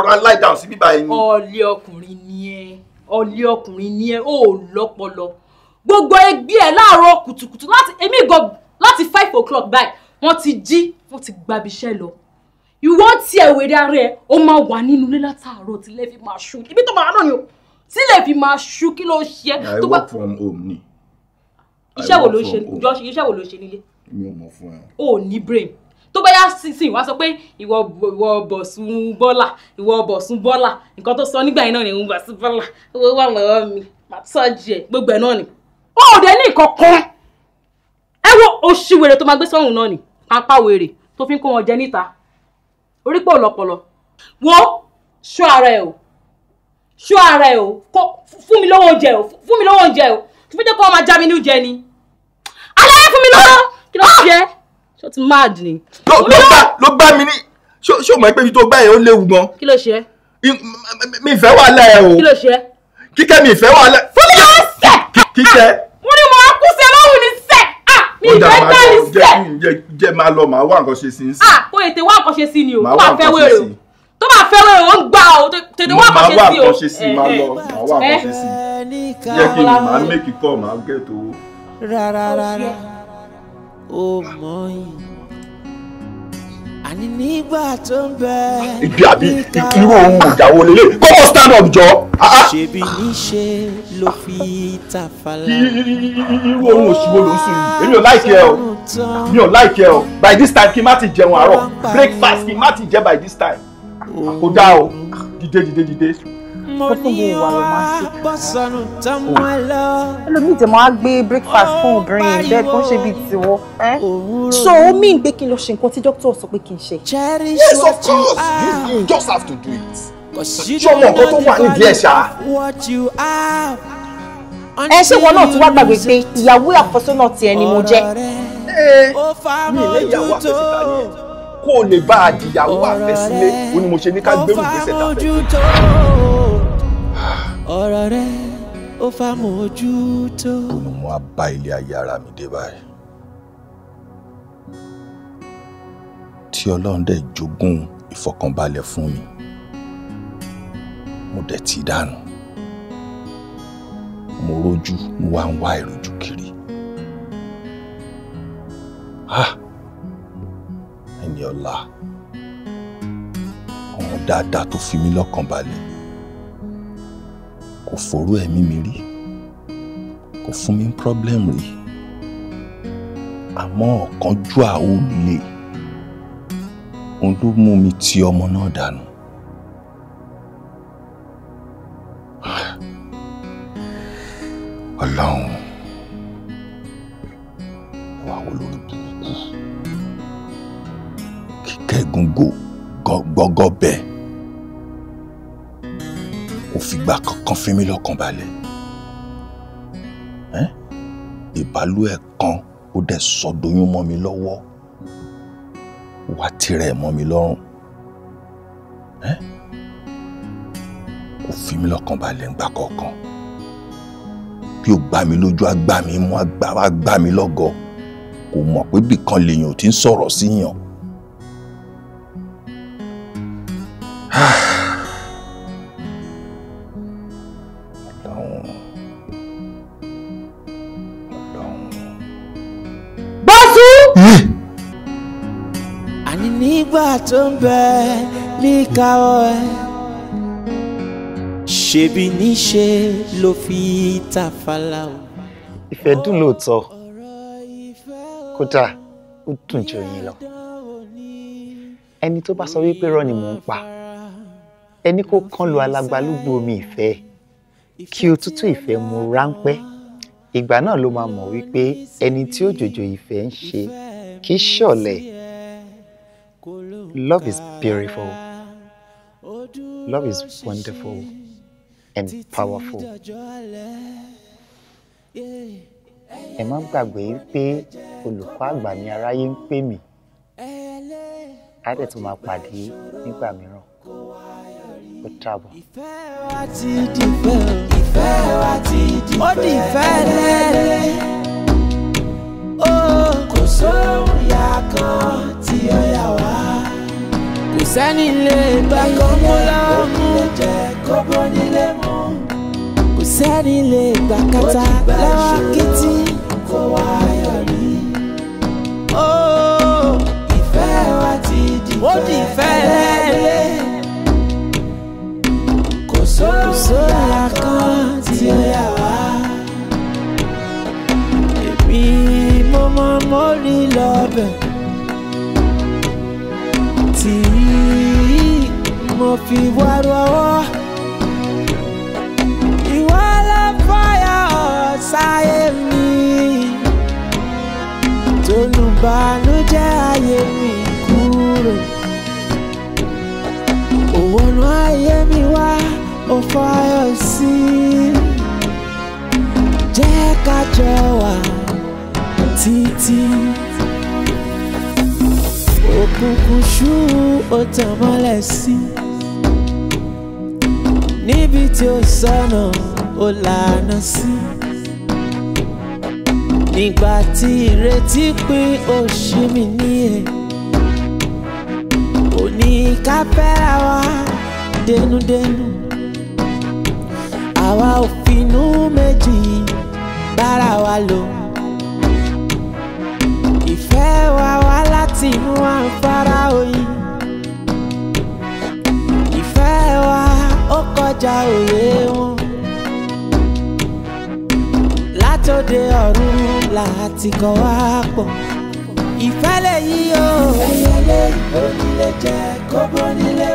S6: ra láì láti five o'clock báyìí wọ́n ti jí wọ́n ti gbabiṣẹ́ lọ ìwọ tí ẹ wèrè ara ẹ ó máa wà nínú ilé látàárọ̀ tilẹ̀ fi máa ṣú ibi tó máa náà ni o tilẹ̀ fi máa ṣú kí ló ṣe. I work
S5: from home ni. iṣẹ́ wo ló ṣe jọ
S6: ṣe iṣẹ́ wo ló ṣe nílé.
S5: mi ò mọ̀ fún ẹ.
S6: o ní brain tó bá yá sísìn wá sọ pé ìwọ ìwọ bọ̀sùn bọ́là ìwọ bọ̀sùn bọ́là nǹkan tó sọ nígbà yẹn náà ni ìwọ bọ̀sùn bọ́là owó wà lọ́wọ́ mi màá tọ́jú ẹ̀ gbogbo ẹ̀ náà ni. ó ò dé ní ìkọ̀kan ẹ wo oṣù wèrè tó máa gbé sọ́hùn náà ni pápá wèrè tó fi ń kó wọn jẹ níta orí pò lọpọlọ wo ṣọ́ ara ẹ o ṣọ́ ara ẹ o kó fún mi lówó oúnjẹ o fún mi lówó oúnjẹ o tó fi jẹ́ kó máa já mi ní oúnjẹ ni alẹ́ fún mi lọ́wọ́ kí ló ṣe
S5: ṣó ti mad ni. ló gbá ló gbá mi ní ṣó mọ̀ pé ibi tó gbá yẹn ó léwu gan. kí ló ṣe. mi ìfẹ́ wà lẹ́ o. kí ló ṣe. kíkẹ́ mi ìfẹ́ wà lẹ́. fún mi lọ́wọ́ sẹ́ẹ̀. kíkẹ́ mi ìfẹ́ tẹ́lí sílẹ̀. jẹ́ máa lọ màá wá nǹkan ṣe sí i. ah
S6: o ètè wá nǹkan ṣe sí ni o tó bá fẹ́ wèrè o tó bá fẹ́ wèrè o ń gbà o tètè wá nǹkan ṣe sí o. màá wá nǹkan ṣe sí i máa eh, eh. lọ màá wá nǹkan ṣe sí i.
S5: jẹ́ kí n eh. máa mẹ́kì kọ́ màá gẹ̀ tó.
S3: rárá o mọ̀ yìí
S5: àní nígbà tó ń bẹ ibi àbí irú ohun ìjàwó lélẹ̀ kọ́kọ́ stand up jọ. Ah, ah. ṣebí níṣe ló fi ta fàlà. irú ohun òṣìwò ló ń sùn yìí èmi ò láìkẹ́ ẹ o mi ò láìkẹ́ ẹ o by this time kí n má ti jẹun àárọ̀ breakfast kí n má ti jẹ by this time kò o ah, dìde dìde dìde tó tún wo ìwà romantic
S2: ẹlòmíì tẹ̀ máa gbé breakfast fún obìnrin in bed tó ń ṣe bíi tiwọ́ so ó mean pé kí n lọ ṣe nǹkan tí dókítà sọ pé kí n ṣe. yes of course you, you just have to do it
S3: ṣọmọ nǹkan tó wà nídìí ẹ̀ ṣá
S5: ẹ ṣé wọn náà ti wá gbàgbé pé ìyàwó àfọsọ́nà tiẹ̀ ni mo jẹ́. ẹ mi ilé ìyàwó àfẹsẹ̀ta yẹn kó o lè bá a di ìyàwó àfẹsílẹ̀ ó ní mo ṣe ní ká gbẹrù gbèsè tàbí ọ̀rọ̀ rẹ ó fà mójútó. mo á bá ilé ayé ara mi dé báyìí tí ọlọ́run dẹ̀ jogún ìfọ̀kànbalẹ̀ fún mi mo dẹ̀ ti dànù mo rojú mo wá ń wá ìrújú kiri ẹni ọ̀la ọ̀hún dáadáa tó fi mí lọ́kàn kò forú ẹ̀mí mi rí kò fún mi problem rí àmọ́ ọ̀kánjúà ó le òun ló mú mi ti ọmọ náà dànù. Ọlọ́run fi mí lọ́kàn balẹ̀ ìbálò ẹ̀ kan ó dẹ̀ sọdọyún mọ́ mi lọ́wọ́ wá tirẹ̀ mọ́ mi lọ́rùn kò fi mí lọ́kàn balẹ̀ ńgbà kọ̀ọ̀kan bí ó gbá mi lójú á gbá mi mú á gbá mi lọ́gọ kò mọ̀ pé bìkan lèèyàn ò ti ń sọ̀rọ̀ síyàn. Si
S3: káwọ́ ẹ
S4: ṣebí níṣe ló fi tàfàlà o. ìfẹ́ dùn lóòótọ́ kódà ó dùn jù yín lọ ẹni tó bá sọ wípé rọ ni mò ń pa ẹni kó kán lu alágbálúgbò omi ìfẹ́ kí òtútù ìfẹ́ mu ráńpẹ́ ìgbà náà ló máa mọ̀ wípé ẹni tí òjòjò ìfẹ́ ń ṣe kì í ṣọ̀lẹ love is beautiful. Love is wonderful and powerful. Ẹ má gbàgbé pé olùkọ́ àgbà ni aráyé ń pè mí. Á dẹ̀ tún máa pàdé nígbà mìíràn. Ó dàbọ̀. Ìfẹ́
S3: wa ti di fẹ́. Ìfẹ́ wa ti di fẹ́. Ó di ìfẹ́ lẹ́lẹ́. Oh, kò sóhun ìyá kan tí ó yà wá sẹ́ni lè gbà kọ́mọ́lá mú kò sẹ́ni lè gbà kàtà lọ́wọ́ kìtì kó wá yọ rí. ìfẹ́ wa ti di ìfẹ́ lẹ́lẹ́ kò sóyà kan tí ó yà wá. èmi mo mọ mórí lọ́bẹ̀. mo fi wá rọwọ́ ìwọ ló fọyọ̀ sáyé mi tolùbánújẹ́ ayé mi kúrò òwòrán ayé mi wá ó fọyọ̀ sí jẹ́ ká jọ wà títí òkùnkùn ṣú ó tàn mọ́lẹ̀ sí i níbi tí ó sọnà ó lànà sí. nígbà tí ìrètí pín òṣì mi níyẹn òní ká fẹ́ra wa dénúdénú àwa ò finú méjì bára wa lò ìfẹ́ wa wá láti inú afárá oyin. kọjá òye wọn látòde ọ̀run láti kọ́ wá pọ̀ ìfẹ́ lè yí o. ẹyẹlé onílé jẹ kó bọ́ nílé